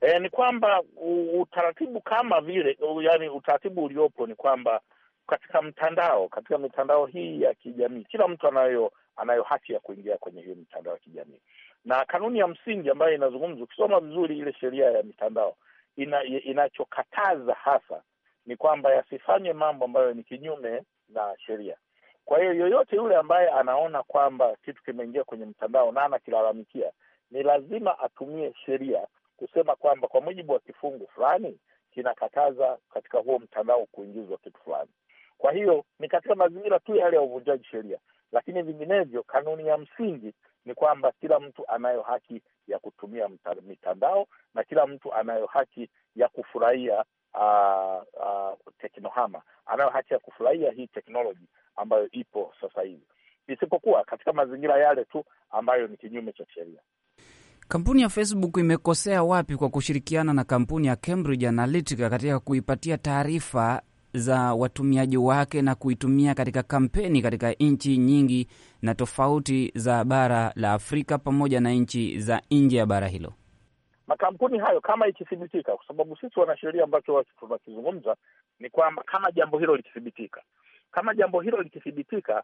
E, ni kwamba utaratibu kama vile yani, utaratibu uliopo ni kwamba katika mtandao, katika mitandao hii ya kijamii, kila mtu anayo anayo haki ya kuingia kwenye hiyo mitandao ya kijamii, na kanuni ya msingi ambayo inazungumza, ukisoma vizuri ile sheria ya mitandao ina, inachokataza hasa ni kwamba yasifanye mambo ambayo ni kinyume na sheria. Kwa hiyo yoyote yule ambaye anaona kwamba kitu kimeingia kwenye mtandao na anakilalamikia, ni lazima atumie sheria kusema kwamba kwa mujibu wa kifungu fulani kinakataza katika huo mtandao kuingizwa kitu fulani. Kwa hiyo ni katika mazingira tu yale ya uvunjaji sheria, lakini vinginevyo, kanuni ya msingi ni kwamba kila mtu anayo haki ya kutumia mitandao na kila mtu anayo haki ya kufurahia uh, uh, teknohama, anayo haki ya kufurahia hii teknoloji ambayo ipo sasa hivi, isipokuwa katika mazingira yale tu ambayo ni kinyume cha sheria. Kampuni ya Facebook imekosea wapi kwa kushirikiana na kampuni ya Cambridge Analytica katika kuipatia taarifa za watumiaji wake na kuitumia katika kampeni katika nchi nyingi na tofauti za bara la Afrika pamoja na nchi za nje ya bara hilo. Makampuni hayo kama ikithibitika, kwa sababu sisi wanasheria ambacho tunakizungumza ni kwamba kama jambo hilo likithibitika, kama jambo hilo likithibitika,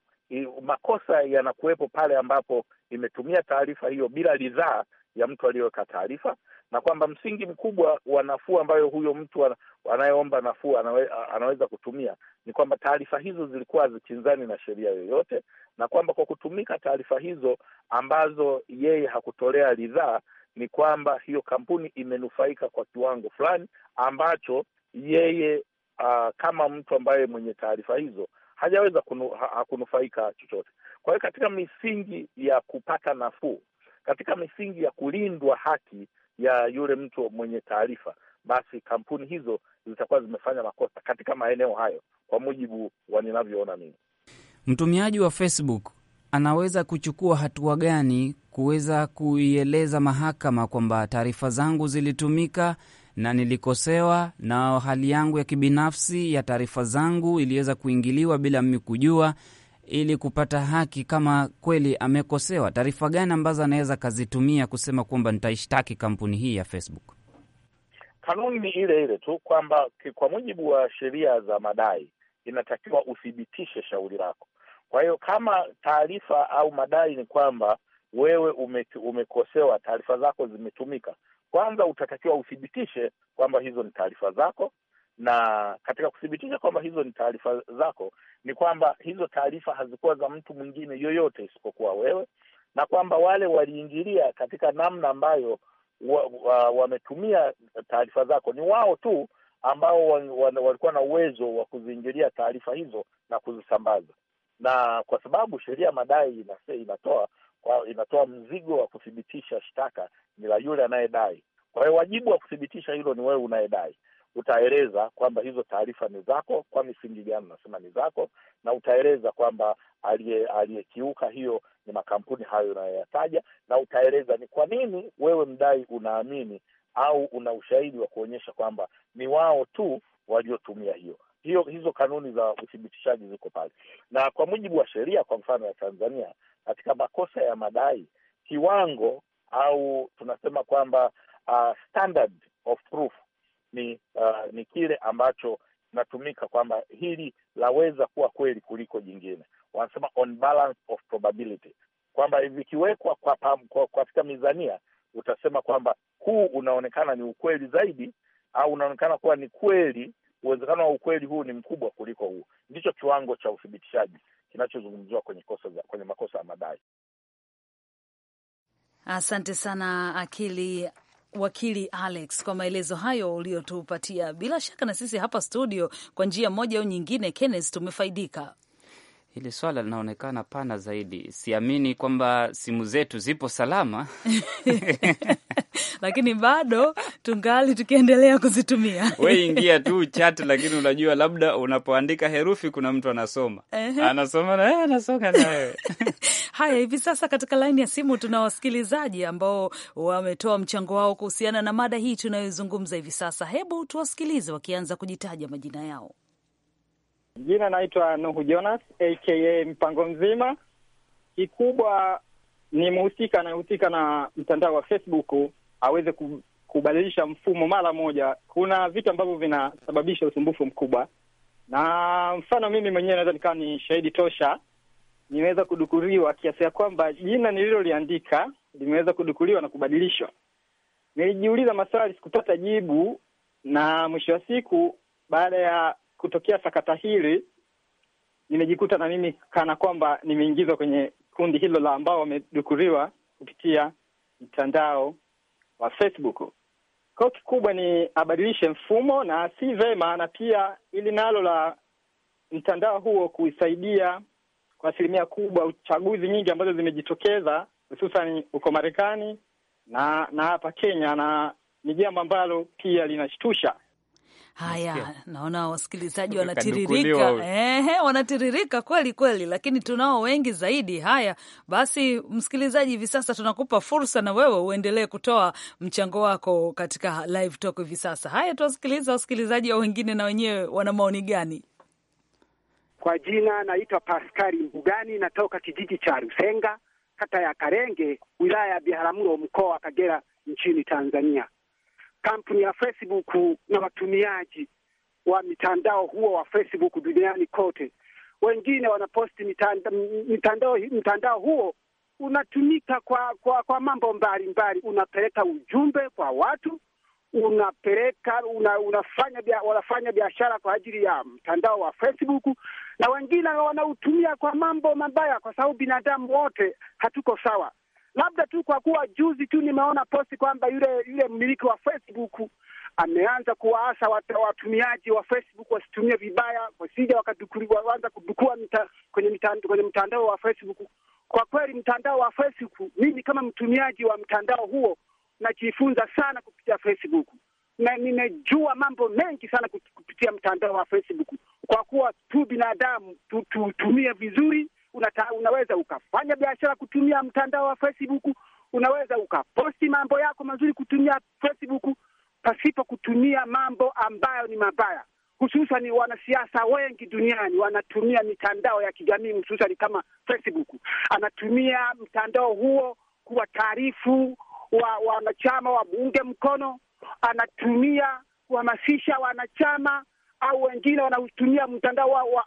makosa yanakuwepo pale ambapo imetumia taarifa hiyo bila ridhaa ya mtu aliyoweka taarifa, na kwamba msingi mkubwa wa nafuu ambayo huyo mtu anayeomba nafuu anawe, anaweza kutumia ni kwamba taarifa hizo zilikuwa hazikinzani na sheria yoyote, na kwamba kwa kutumika taarifa hizo ambazo yeye hakutolea ridhaa, ni kwamba hiyo kampuni imenufaika kwa kiwango fulani ambacho yeye Uh, kama mtu ambaye mwenye taarifa hizo hajaweza kunu, ha, hakunufaika chochote. Kwa hiyo katika misingi ya kupata nafuu katika misingi ya kulindwa haki ya yule mtu mwenye taarifa, basi kampuni hizo zitakuwa zimefanya makosa katika maeneo hayo, kwa mujibu wa ninavyoona mimi. Mtumiaji wa Facebook anaweza kuchukua hatua gani kuweza kuieleza mahakama kwamba taarifa zangu zilitumika na nilikosewa na hali yangu ya kibinafsi ya taarifa zangu iliweza kuingiliwa bila mimi kujua, ili kupata haki kama kweli amekosewa? Taarifa gani ambazo anaweza akazitumia kusema kwamba nitaishtaki kampuni hii ya Facebook? Kanuni ni ile ile tu kwamba kwa mujibu wa sheria za madai inatakiwa uthibitishe shauri lako. Kwa hiyo kama taarifa au madai ni kwamba wewe ume, umekosewa, taarifa zako zimetumika, kwanza utatakiwa uthibitishe kwamba hizo ni taarifa zako na katika kuthibitisha kwamba hizo ni taarifa zako, ni kwamba hizo taarifa hazikuwa za mtu mwingine yoyote isipokuwa wewe, na kwamba wale waliingilia katika namna ambayo wametumia wa, wa taarifa zako ni wao tu ambao walikuwa na uwezo wa kuziingilia taarifa hizo na kuzisambaza, na kwa sababu sheria madai inatoa inatoa mzigo wa kuthibitisha shtaka ni la yule anayedai. Kwa hiyo wajibu wa kuthibitisha hilo ni wewe unayedai utaeleza kwamba hizo taarifa ni zako, kwa misingi gani unasema ni zako, na utaeleza kwamba aliyekiuka hiyo ni makampuni hayo unayoyataja, na utaeleza ni kwa nini wewe mdai unaamini au una ushahidi wa kuonyesha kwamba ni wao tu waliotumia hiyo hiyo hizo kanuni za uthibitishaji ziko pale, na kwa mujibu wa sheria, kwa mfano ya Tanzania, katika makosa ya madai, kiwango au tunasema kwamba uh, standard of proof ni uh, ni kile ambacho kinatumika kwamba hili laweza kuwa kweli kuliko jingine. Wanasema on balance of probability, kwamba vikiwekwa kwa kwa katika mizania utasema kwamba huu unaonekana ni ukweli zaidi au unaonekana kuwa ni kweli, uwezekano wa ukweli huu ni mkubwa kuliko huu. Ndicho kiwango cha uthibitishaji kinachozungumziwa kwenye kosa za, kwenye makosa ya madai. Asante sana Akili Wakili Alex, kwa maelezo hayo uliotupatia, bila shaka na sisi hapa studio, kwa njia moja au nyingine, Kenneth, tumefaidika Hili swala linaonekana pana zaidi. Siamini kwamba simu zetu zipo salama lakini bado tungali tukiendelea kuzitumia. We ingia tu chat, lakini unajua, labda unapoandika herufi kuna mtu anasoma anasoma na anasonga nawewe Haya, hivi sasa katika laini ya simu tuna wasikilizaji ambao wametoa mchango wao kuhusiana na mada hii tunayozungumza hivi sasa. Hebu tuwasikilize wakianza kujitaja majina yao. Jina naitwa Nuhu Jonas aka mpango mzima. Kikubwa ni mhusika anayehusika na mtandao wa Facebook aweze kubadilisha mfumo mara moja. Kuna vitu ambavyo vinasababisha usumbufu mkubwa, na mfano mimi mwenyewe naweza nikawa ni shahidi tosha. Nimeweza kudukuliwa kiasi ya kwamba jina nililoliandika limeweza kudukuliwa na kubadilishwa. Nilijiuliza maswali, sikupata jibu, na mwisho wa siku baada ya kutokea sakata hili nimejikuta na mimi kana kwamba nimeingizwa kwenye kundi hilo la ambao wamedukuriwa kupitia mtandao wa Facebook. Kwao kikubwa ni abadilishe mfumo, na si vema, na pia ili nalo la mtandao huo kuisaidia kwa asilimia kubwa chaguzi nyingi ambazo zimejitokeza hususan huko Marekani na na hapa Kenya, na ni jambo ambalo pia linashtusha. Haya, naona wasikilizaji wanatiririka ehe, wanatiririka kweli kweli, lakini tunao wengi zaidi. Haya basi, msikilizaji, hivi sasa tunakupa fursa na wewe uendelee kutoa mchango wako katika live talk hivi sasa. Haya, tuwasikiliza wasikilizaji wa wengine na wenyewe wana maoni gani? Kwa jina naitwa Paskari Mbugani, natoka kijiji cha Rusenga, kata ya Karenge, wilaya ya Biharamulo, mkoa wa Kagera, nchini Tanzania kampuni ya Facebook na watumiaji wa mitandao huo wa Facebook duniani kote. Wengine wanaposti mitanda, mitandao, mtandao huo unatumika kwa kwa, kwa mambo mbalimbali, unapeleka ujumbe kwa watu, unapeleka una, unafanya bia, wanafanya biashara kwa ajili ya mtandao wa Facebook, na wengine wanautumia kwa mambo mabaya, kwa sababu binadamu wote hatuko sawa labda tu kwa kuwa juzi tu nimeona posti kwamba yule yule mmiliki wa Facebook ameanza kuwaasa watumiaji wa Facebook wasitumie vibaya, wasija wakaanza kudukua mita, kwenye mtandao kwenye mtandao wa Facebook. Kwa kweli mtandao wa Facebook, mimi kama mtumiaji wa mtandao huo najifunza sana kupitia Facebook na nimejua mambo mengi sana kupitia mtandao wa Facebook, kwa kuwa tu binadamu tutumie tu, vizuri unata, unaweza ukafanya biashara kutumia mtandao wa Facebook, unaweza ukaposti mambo yako mazuri kutumia Facebook pasipo kutumia mambo ambayo ni mabaya. Hususan wanasiasa wengi duniani wanatumia mitandao ya kijamii hususan kama Facebook, anatumia mtandao huo kuwa taarifu wa wanachama wa bunge mkono, anatumia kuhamasisha wanachama au wengine wanatumia mtandao wa, wa,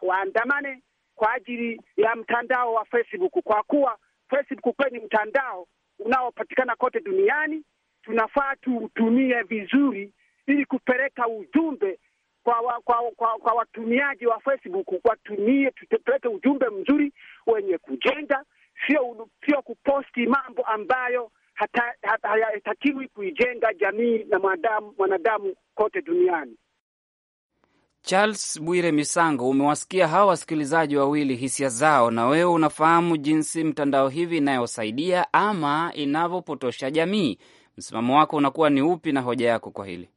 kwa ajili ya mtandao wa Facebook, kwa kuwa Facebook ni mtandao unaopatikana kote duniani. Tunafaa tuutumie vizuri ili kupeleka ujumbe kwa, wa, kwa, kwa, kwa watumiaji wa Facebook, watumie tupeleke ujumbe mzuri wenye kujenga, sio sio kuposti mambo ambayo hayatakiwi hata, hata, kuijenga jamii na mwanadamu kote duniani. Charles Bwire Misango, umewasikia hawa wasikilizaji wawili hisia zao, na wewe unafahamu jinsi mtandao hivi inayosaidia ama inavyopotosha jamii. Msimamo wako unakuwa ni upi na hoja yako kwa hili?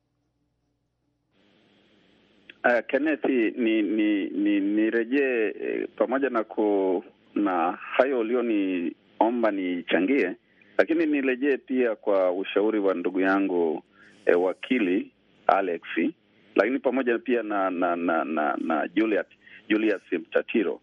Uh, Kenneth, ni ni nirejee ni eh, pamoja na ku, na hayo ulioniomba nichangie, lakini nirejee pia kwa ushauri wa ndugu yangu eh, wakili Alexi lakini pamoja pia na na na, na, na Julius, Julius Mtatiro.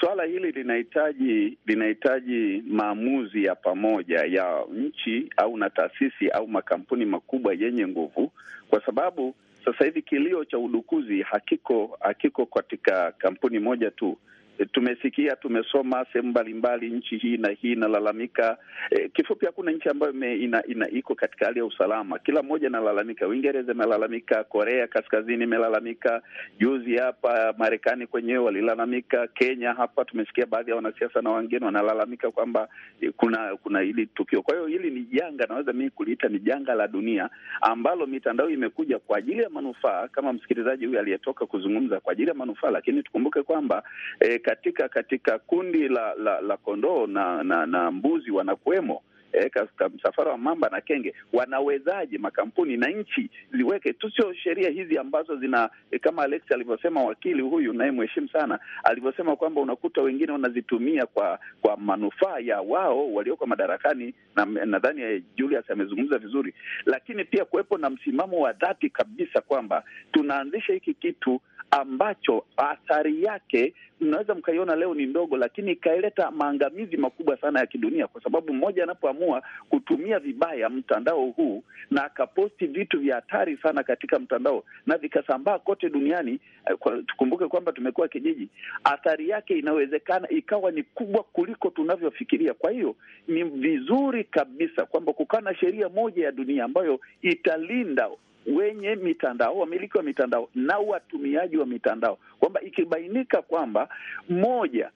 Suala hili linahitaji linahitaji maamuzi ya pamoja ya nchi au na taasisi au makampuni makubwa yenye nguvu, kwa sababu sasa hivi kilio cha udukuzi hakiko hakiko katika kampuni moja tu, Eh, tumesikia tumesoma sehemu mbalimbali, nchi hii na hii inalalamika. E, kifupi hakuna nchi ambayo ina, ina iko katika hali ya usalama. Kila mmoja analalamika. Uingereza imelalamika, Korea Kaskazini imelalamika, juzi hapa Marekani kwenyewe walilalamika, Kenya hapa tumesikia baadhi ya wanasiasa na wengine wanalalamika kwamba eh, kuna kuna hili tukio. Kwa hiyo hili ni janga, naweza mimi kuliita ni janga la dunia ambalo mitandao imekuja kwa ajili ya manufaa, kama msikilizaji huyu aliyetoka kuzungumza kwa ajili ya manufaa, lakini tukumbuke kwamba e, katika katika kundi la la, la kondoo na, na na mbuzi wanakuwemo E, msafara wa mamba na kenge, wanawezaje makampuni na nchi ziweke tu, sio sheria hizi ambazo zina e, kama Alex alivyosema, wakili huyu naye mheshimu sana alivyosema kwamba unakuta wengine wanazitumia kwa kwa manufaa ya wao walioko madarakani, na nadhani eh, Julius amezungumza vizuri, lakini pia kuwepo na msimamo wa dhati kabisa kwamba tunaanzisha hiki kitu ambacho athari yake mnaweza mkaiona leo ni ndogo, lakini ikaileta maangamizi makubwa sana ya kidunia, kwa sababu mmoja anapoamua kutumia vibaya mtandao huu na akaposti vitu vya hatari sana katika mtandao na vikasambaa kote duniani, eh, kwa, tukumbuke kwamba tumekuwa kijiji, athari yake inawezekana ikawa ni kubwa kuliko tunavyofikiria. Kwa hiyo ni vizuri kabisa kwamba kukaa na sheria moja ya dunia ambayo italinda wenye mitandao, wamiliki wa mitandao na watumiaji wa mitandao, kwamba ikibainika kwamba mmoja,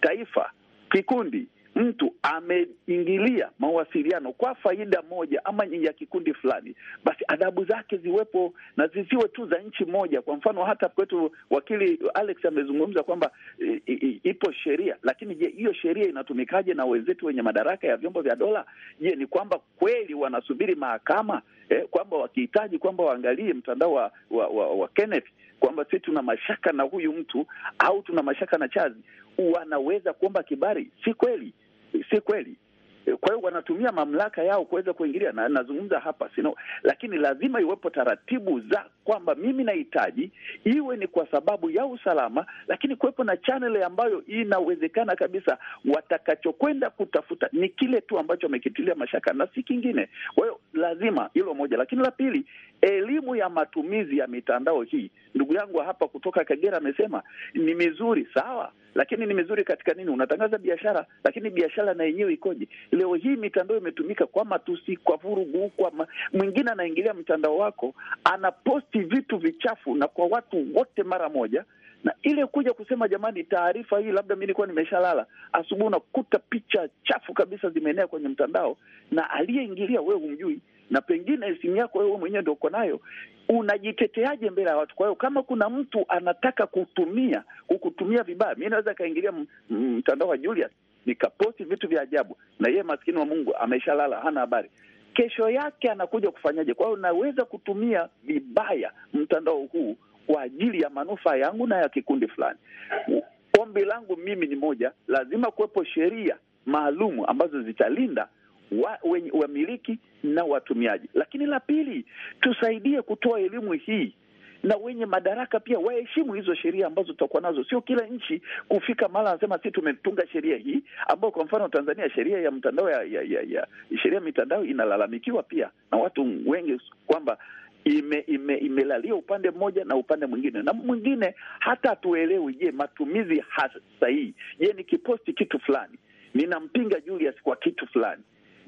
taifa, kikundi, mtu ameingilia mawasiliano kwa faida moja ama ya kikundi fulani, basi adabu zake ziwepo na zisiwe tu za nchi moja. Kwa mfano, hata kwetu wakili Alex amezungumza kwamba ipo sheria, lakini je, hiyo sheria inatumikaje na wenzetu wenye madaraka ya vyombo vya dola? Je, ni kwamba kweli wanasubiri mahakama eh, kwamba wakihitaji kwamba waangalie mtandao wa, wa, wa, wa Kenneth kwamba sisi tuna mashaka na huyu mtu au tuna mashaka na Chazi, wanaweza kuomba kibali. Si kweli, si kweli. Eh, kwa hiyo wanatumia mamlaka yao kuweza kuingilia, na nazungumza hapa sino, lakini lazima iwepo taratibu za kwamba mimi nahitaji iwe ni kwa sababu ya usalama, lakini kuwepo na channel ambayo inawezekana kabisa watakachokwenda kutafuta ni kile tu ambacho wamekitilia mashaka na si kingine. Kwa hiyo lazima hilo moja, lakini la pili, elimu ya matumizi ya mitandao hii. Ndugu yangu hapa kutoka Kagera amesema ni mizuri, sawa lakini ni mizuri katika nini? Unatangaza biashara, lakini biashara na yenyewe ikoje? Leo hii mitandao imetumika kwa matusi, kwa vurugu, kwa ma... mwingine anaingilia mtandao wako anapost kudhibiti vitu vichafu na kwa watu wote mara moja, na ile kuja kusema jamani, taarifa hii labda mi nilikuwa nimeshalala asubuhi, unakuta picha chafu kabisa zimeenea kwenye mtandao, na aliyeingilia wewe humjui, na pengine simu yako wewe mwenyewe ndo uko nayo. Unajiteteaje mbele ya watu? Kwa hiyo kama kuna mtu anataka kutumia kukutumia vibaya, mi naweza akaingilia mtandao wa Julius nikaposti vitu vya ajabu, na yeye maskini wa Mungu ameshalala, hana habari kesho yake anakuja kufanyaje? Kwa hiyo naweza kutumia vibaya mtandao huu kwa ajili ya manufaa yangu na ya kikundi fulani. Ombi langu mimi ni moja, lazima kuwepo sheria maalumu ambazo zitalinda wamiliki wa na watumiaji. Lakini la pili, tusaidie kutoa elimu hii na wenye madaraka pia waheshimu hizo sheria ambazo tutakuwa nazo. Sio kila nchi kufika mala anasema si tumetunga sheria hii, ambayo kwa mfano Tanzania sheria ya mtandao ya, ya, ya, ya sheria ya mitandao inalalamikiwa pia na watu wengi kwamba ime, ime, imelalia upande mmoja na upande mwingine na mwingine, hata hatuelewi. Je, matumizi sahihi? Je, nikiposti kitu fulani ninampinga Julius kwa kitu fulani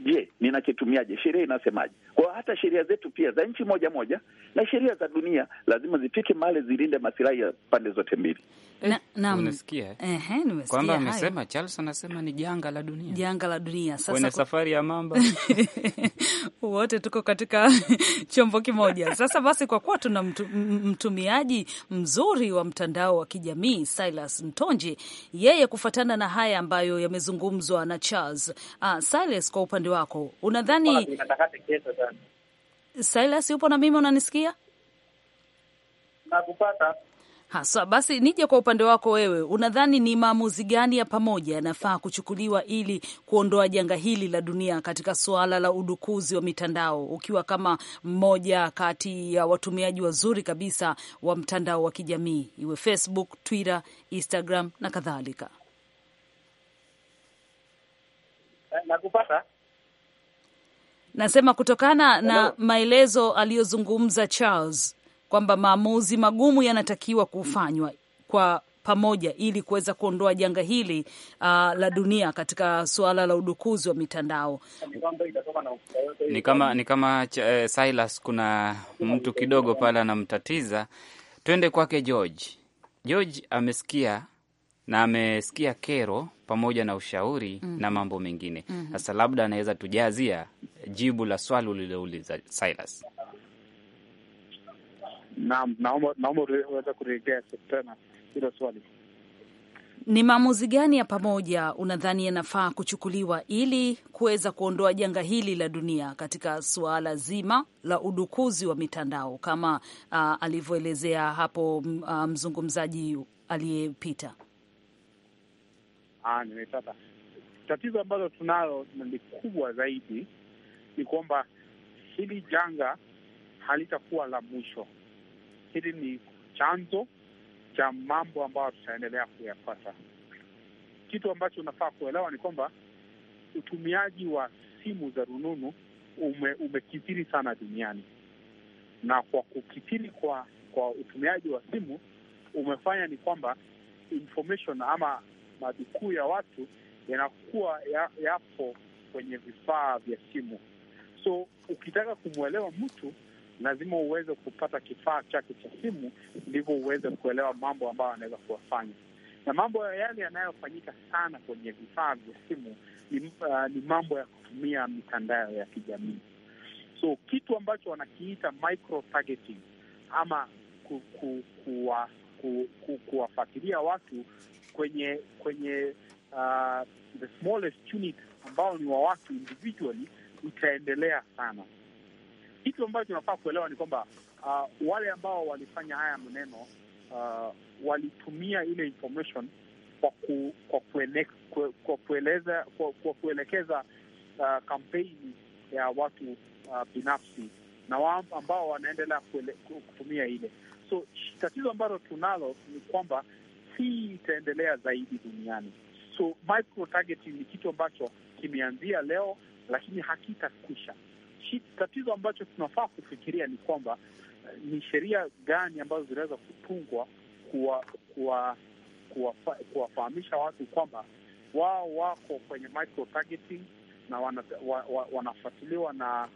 je, ninakitumiaje? Sheria inasemaje? Kwa hata sheria zetu pia za nchi moja moja na sheria za dunia lazima zifike mahali zilinde masilahi ya pande zote mbili. Unasikia eh? kwamba amesema Charles anasema ni janga la dunia, janga la dunia. Sasa kwenye safari ya mamba wote tuko katika chombo kimoja. Sasa basi, kwa kuwa tuna mtu, mtumiaji mzuri wa mtandao wa kijamii Silas Ntonje, yeye kufuatana na haya ambayo yamezungumzwa na Charles, uh, Silas kwa upande upande wako unadhani Silas yupo na mimi, unanisikia? Nakupata haswa. basi nije kwa upande wako wewe, unadhani ni maamuzi gani ya pamoja yanafaa kuchukuliwa ili kuondoa janga hili la dunia katika suala la udukuzi wa mitandao, ukiwa kama mmoja kati ya watumiaji wazuri kabisa wa mtandao wa kijamii, iwe Facebook, Twitter, Instagram na kadhalika? Eh, nakupata. Nasema kutokana na maelezo aliyozungumza Charles kwamba maamuzi magumu yanatakiwa kufanywa kwa pamoja ili kuweza kuondoa janga hili uh, la dunia katika suala la udukuzi wa mitandao. Ni kama ni kama eh, Silas, kuna mtu kidogo pale anamtatiza. Twende kwake George. George amesikia na amesikia kero pamoja na ushauri mm -hmm. na mambo mengine mm-hmm. sasa, mm -hmm. labda anaweza tujazia jibu la swali ulilouliza Silas. Naam, naomba uweza kurejea tena hilo swali. Ni maamuzi gani ya pamoja unadhani yanafaa kuchukuliwa ili kuweza kuondoa janga hili la dunia katika suala zima la udukuzi wa mitandao kama uh, alivyoelezea hapo uh, mzungumzaji aliyepita? Sasa ah, tatizo ambalo tunalo ni kubwa zaidi, ni kwamba hili janga halitakuwa la mwisho. Hili ni chanzo cha mambo ambayo tutaendelea kuyapata. Kitu ambacho unafaa kuelewa ni kwamba utumiaji wa simu za rununu ume, umekithiri sana duniani, na kwa kukithiri kwa, kwa utumiaji wa simu umefanya ni kwamba information ama madukuu ya watu yanakuwa ya, yapo kwenye vifaa vya simu. So ukitaka kumwelewa mtu lazima uweze kupata kifaa chake cha simu, ndivyo uweze kuelewa mambo ambayo anaweza kuwafanya. Na mambo yale yanayofanyika sana kwenye vifaa vya simu ni, uh, ni mambo ya kutumia mitandao ya kijamii. So kitu ambacho wanakiita micro targeting ama ku, ku, ku, ku, ku, watu kwenye kwenye uh, the smallest unit ambao ni wa watu individually itaendelea sana. Kitu ambacho tunafaa kuelewa ni kwamba uh, wale ambao walifanya haya maneno uh, walitumia ile information kwa ku, kwa, kuene, kwa, kwa kueleza kwa, kwa kuelekeza uh, kampeni ya watu uh, binafsi na wa ambao wanaendelea kutumia ile. So tatizo ambalo tunalo ni kwamba hii itaendelea zaidi duniani. So micro targeting ni kitu ambacho kimeanzia leo, lakini hakitakwisha. Tatizo ambacho tunafaa kufikiria ni kwamba eh, ni sheria gani ambazo zinaweza kutungwa kuwafahamisha kuwa, kuwa, watu kwamba wao wako kwenye micro targeting na wana, wa, wa, wanafuatiliwa na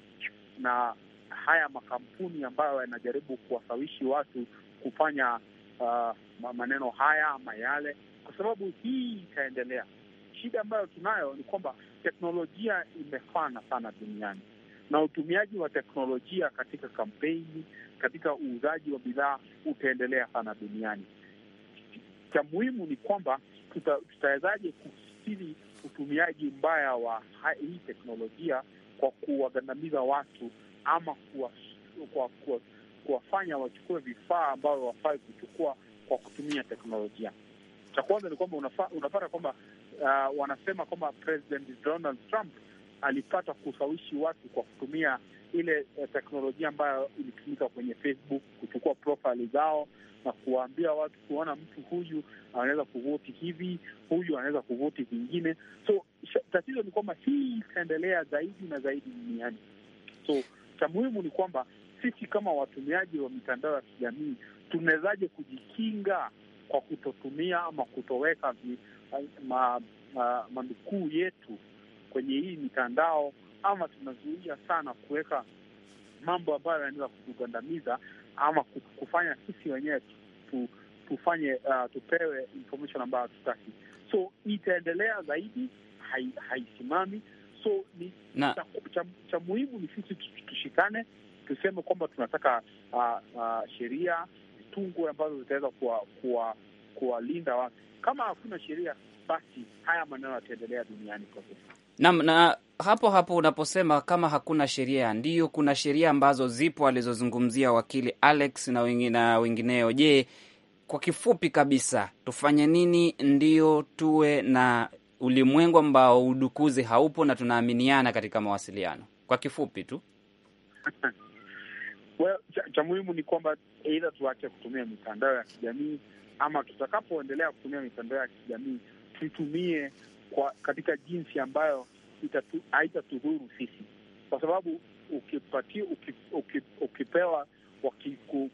na haya makampuni ambayo yanajaribu kuwasawishi watu kufanya uh, maneno haya ama yale, kwa sababu hii itaendelea. Shida ambayo tunayo ni kwamba teknolojia imefana sana duniani na utumiaji wa teknolojia katika kampeni, katika uuzaji wa bidhaa utaendelea sana duniani. Cha muhimu ni kwamba tutawezaje kustiri utumiaji mbaya wa hii teknolojia kwa kuwagandamiza watu ama kuwa, kuwa, kuwa, kuwafanya wachukue vifaa ambavyo wafai kuchukua kwa kutumia teknolojia. Cha kwanza ni kwamba unapata kwamba uh, wanasema kwamba President Donald Trump alipata kushawishi watu kwa kutumia ile eh, teknolojia ambayo ilitumika kwenye Facebook kuchukua profile zao na kuwaambia watu kuona mtu huyu anaweza kuvoti hivi, huyu anaweza kuvoti vingine. So tatizo ni kwamba hii itaendelea zaidi na zaidi duniani. So cha muhimu ni kwamba sisi kama watumiaji wa mitandao ya kijamii tunawezaje kujikinga kwa kutotumia ama kutoweka ma, ma, manukuu yetu kwenye hii mitandao, ama tunazuia sana kuweka mambo ambayo yanaweza kutugandamiza ama kufanya sisi wenyewe tu, tufanye uh, tupewe information ambayo hatutaki. So itaendelea zaidi, haisimami hai so ni, cha muhimu ni sisi tushikane tuseme kwamba tunataka uh, uh, sheria tungwe ambazo zitaweza kuwalinda kuwa, kuwa watu. Kama hakuna sheria, basi haya maneno yataendelea duniani kwa sasa. Naam, na hapo hapo unaposema kama hakuna sheria, ndiyo kuna sheria ambazo zipo alizozungumzia wakili Alex na wengine na wengineo. Je, kwa kifupi kabisa tufanye nini ndio tuwe na ulimwengu ambao udukuzi haupo na tunaaminiana katika mawasiliano? Kwa kifupi tu well, cha, cha muhimu ni kwamba eidha tuache kutumia mitandao ya kijamii ama tutakapoendelea kutumia mitandao ya kijamii tuitumie kwa katika jinsi ambayo haitatudhuru sisi, kwa sababu ukipati, uki, uki, ukipewa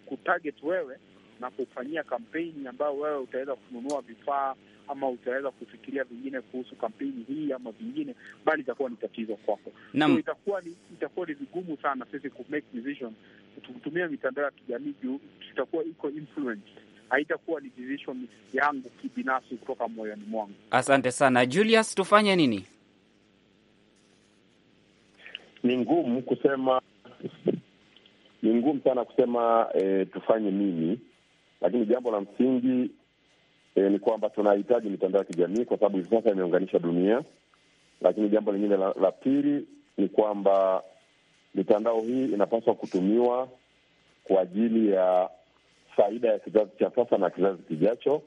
kutarget wewe na kufanyia kampeni ambayo wewe utaweza kununua vifaa ama utaweza kufikiria vingine kuhusu kampeni hii ama vingine, bali itakuwa ni tatizo kwako. So itakuwa ni itakuwa ni vigumu sana sisi ku make decision kutumia mitandao ya kijamii juu itakuwa iko influence, haitakuwa ni decision yangu kibinafsi kutoka moyoni mwangu. Asante sana Julius, tufanye nini? Ni ngumu kusema, ni ngumu sana kusema e, tufanye nini, lakini jambo la msingi e, ni kwamba tunahitaji mitandao ya kijamii kwa sababu hivi sasa imeunganisha dunia, lakini jambo lingine la, la pili ni kwamba mitandao hii inapaswa kutumiwa kwa ajili ya faida ya kizazi cha sasa na kizazi kijacho,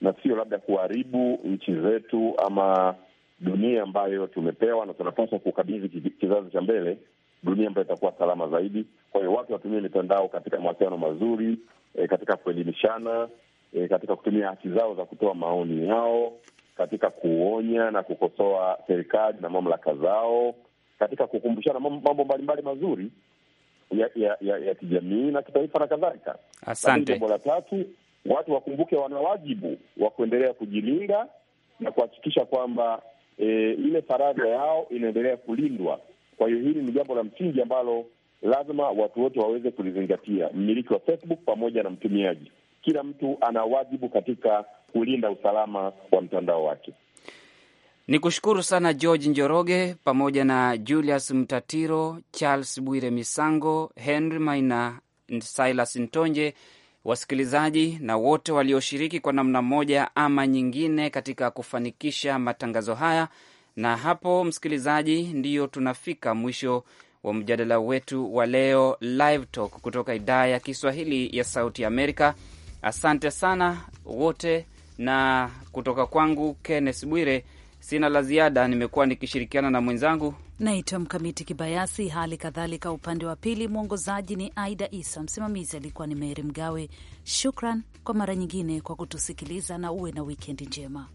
na sio labda kuharibu nchi zetu ama dunia ambayo tumepewa, na tunapaswa kukabidhi kizazi cha mbele dunia ambayo itakuwa salama zaidi. Kwa hiyo watu watumie mitandao katika mawasiliano mazuri, e, katika kuelimishana, e, katika kutumia haki zao za kutoa maoni yao, katika kuonya na kukosoa serikali na mamlaka zao katika kukumbushana mambo mbalimbali mazuri ya ya, ya, ya kijamii na kitaifa na kadhalika. Asante. Jambo la tatu, watu wakumbuke wana wajibu wa kuendelea kujilinda na kuhakikisha kwamba e, ile faragha yao inaendelea kulindwa. Kwa hiyo hili ni jambo la msingi ambalo lazima watu wote waweze kulizingatia, mmiliki wa Facebook pamoja na mtumiaji. Kila mtu ana wajibu katika kulinda usalama wa mtandao wake. Ni kushukuru sana George Njoroge pamoja na Julius Mtatiro, Charles Bwire Misango, Henry Maina, Silas Ntonje, wasikilizaji na wote walioshiriki kwa namna moja ama nyingine katika kufanikisha matangazo haya. Na hapo, msikilizaji, ndiyo tunafika mwisho wa mjadala wetu wa leo, Live Talk kutoka idhaa ya Kiswahili ya Sauti ya Amerika. Asante sana wote, na kutoka kwangu Kenneth Bwire Sina la ziada, nimekuwa nikishirikiana na mwenzangu naitwa Mkamiti Kibayasi. Hali kadhalika upande wa pili mwongozaji ni Aida Isa, msimamizi alikuwa ni Meri Mgawe. Shukran kwa mara nyingine kwa kutusikiliza, na uwe na wikendi njema.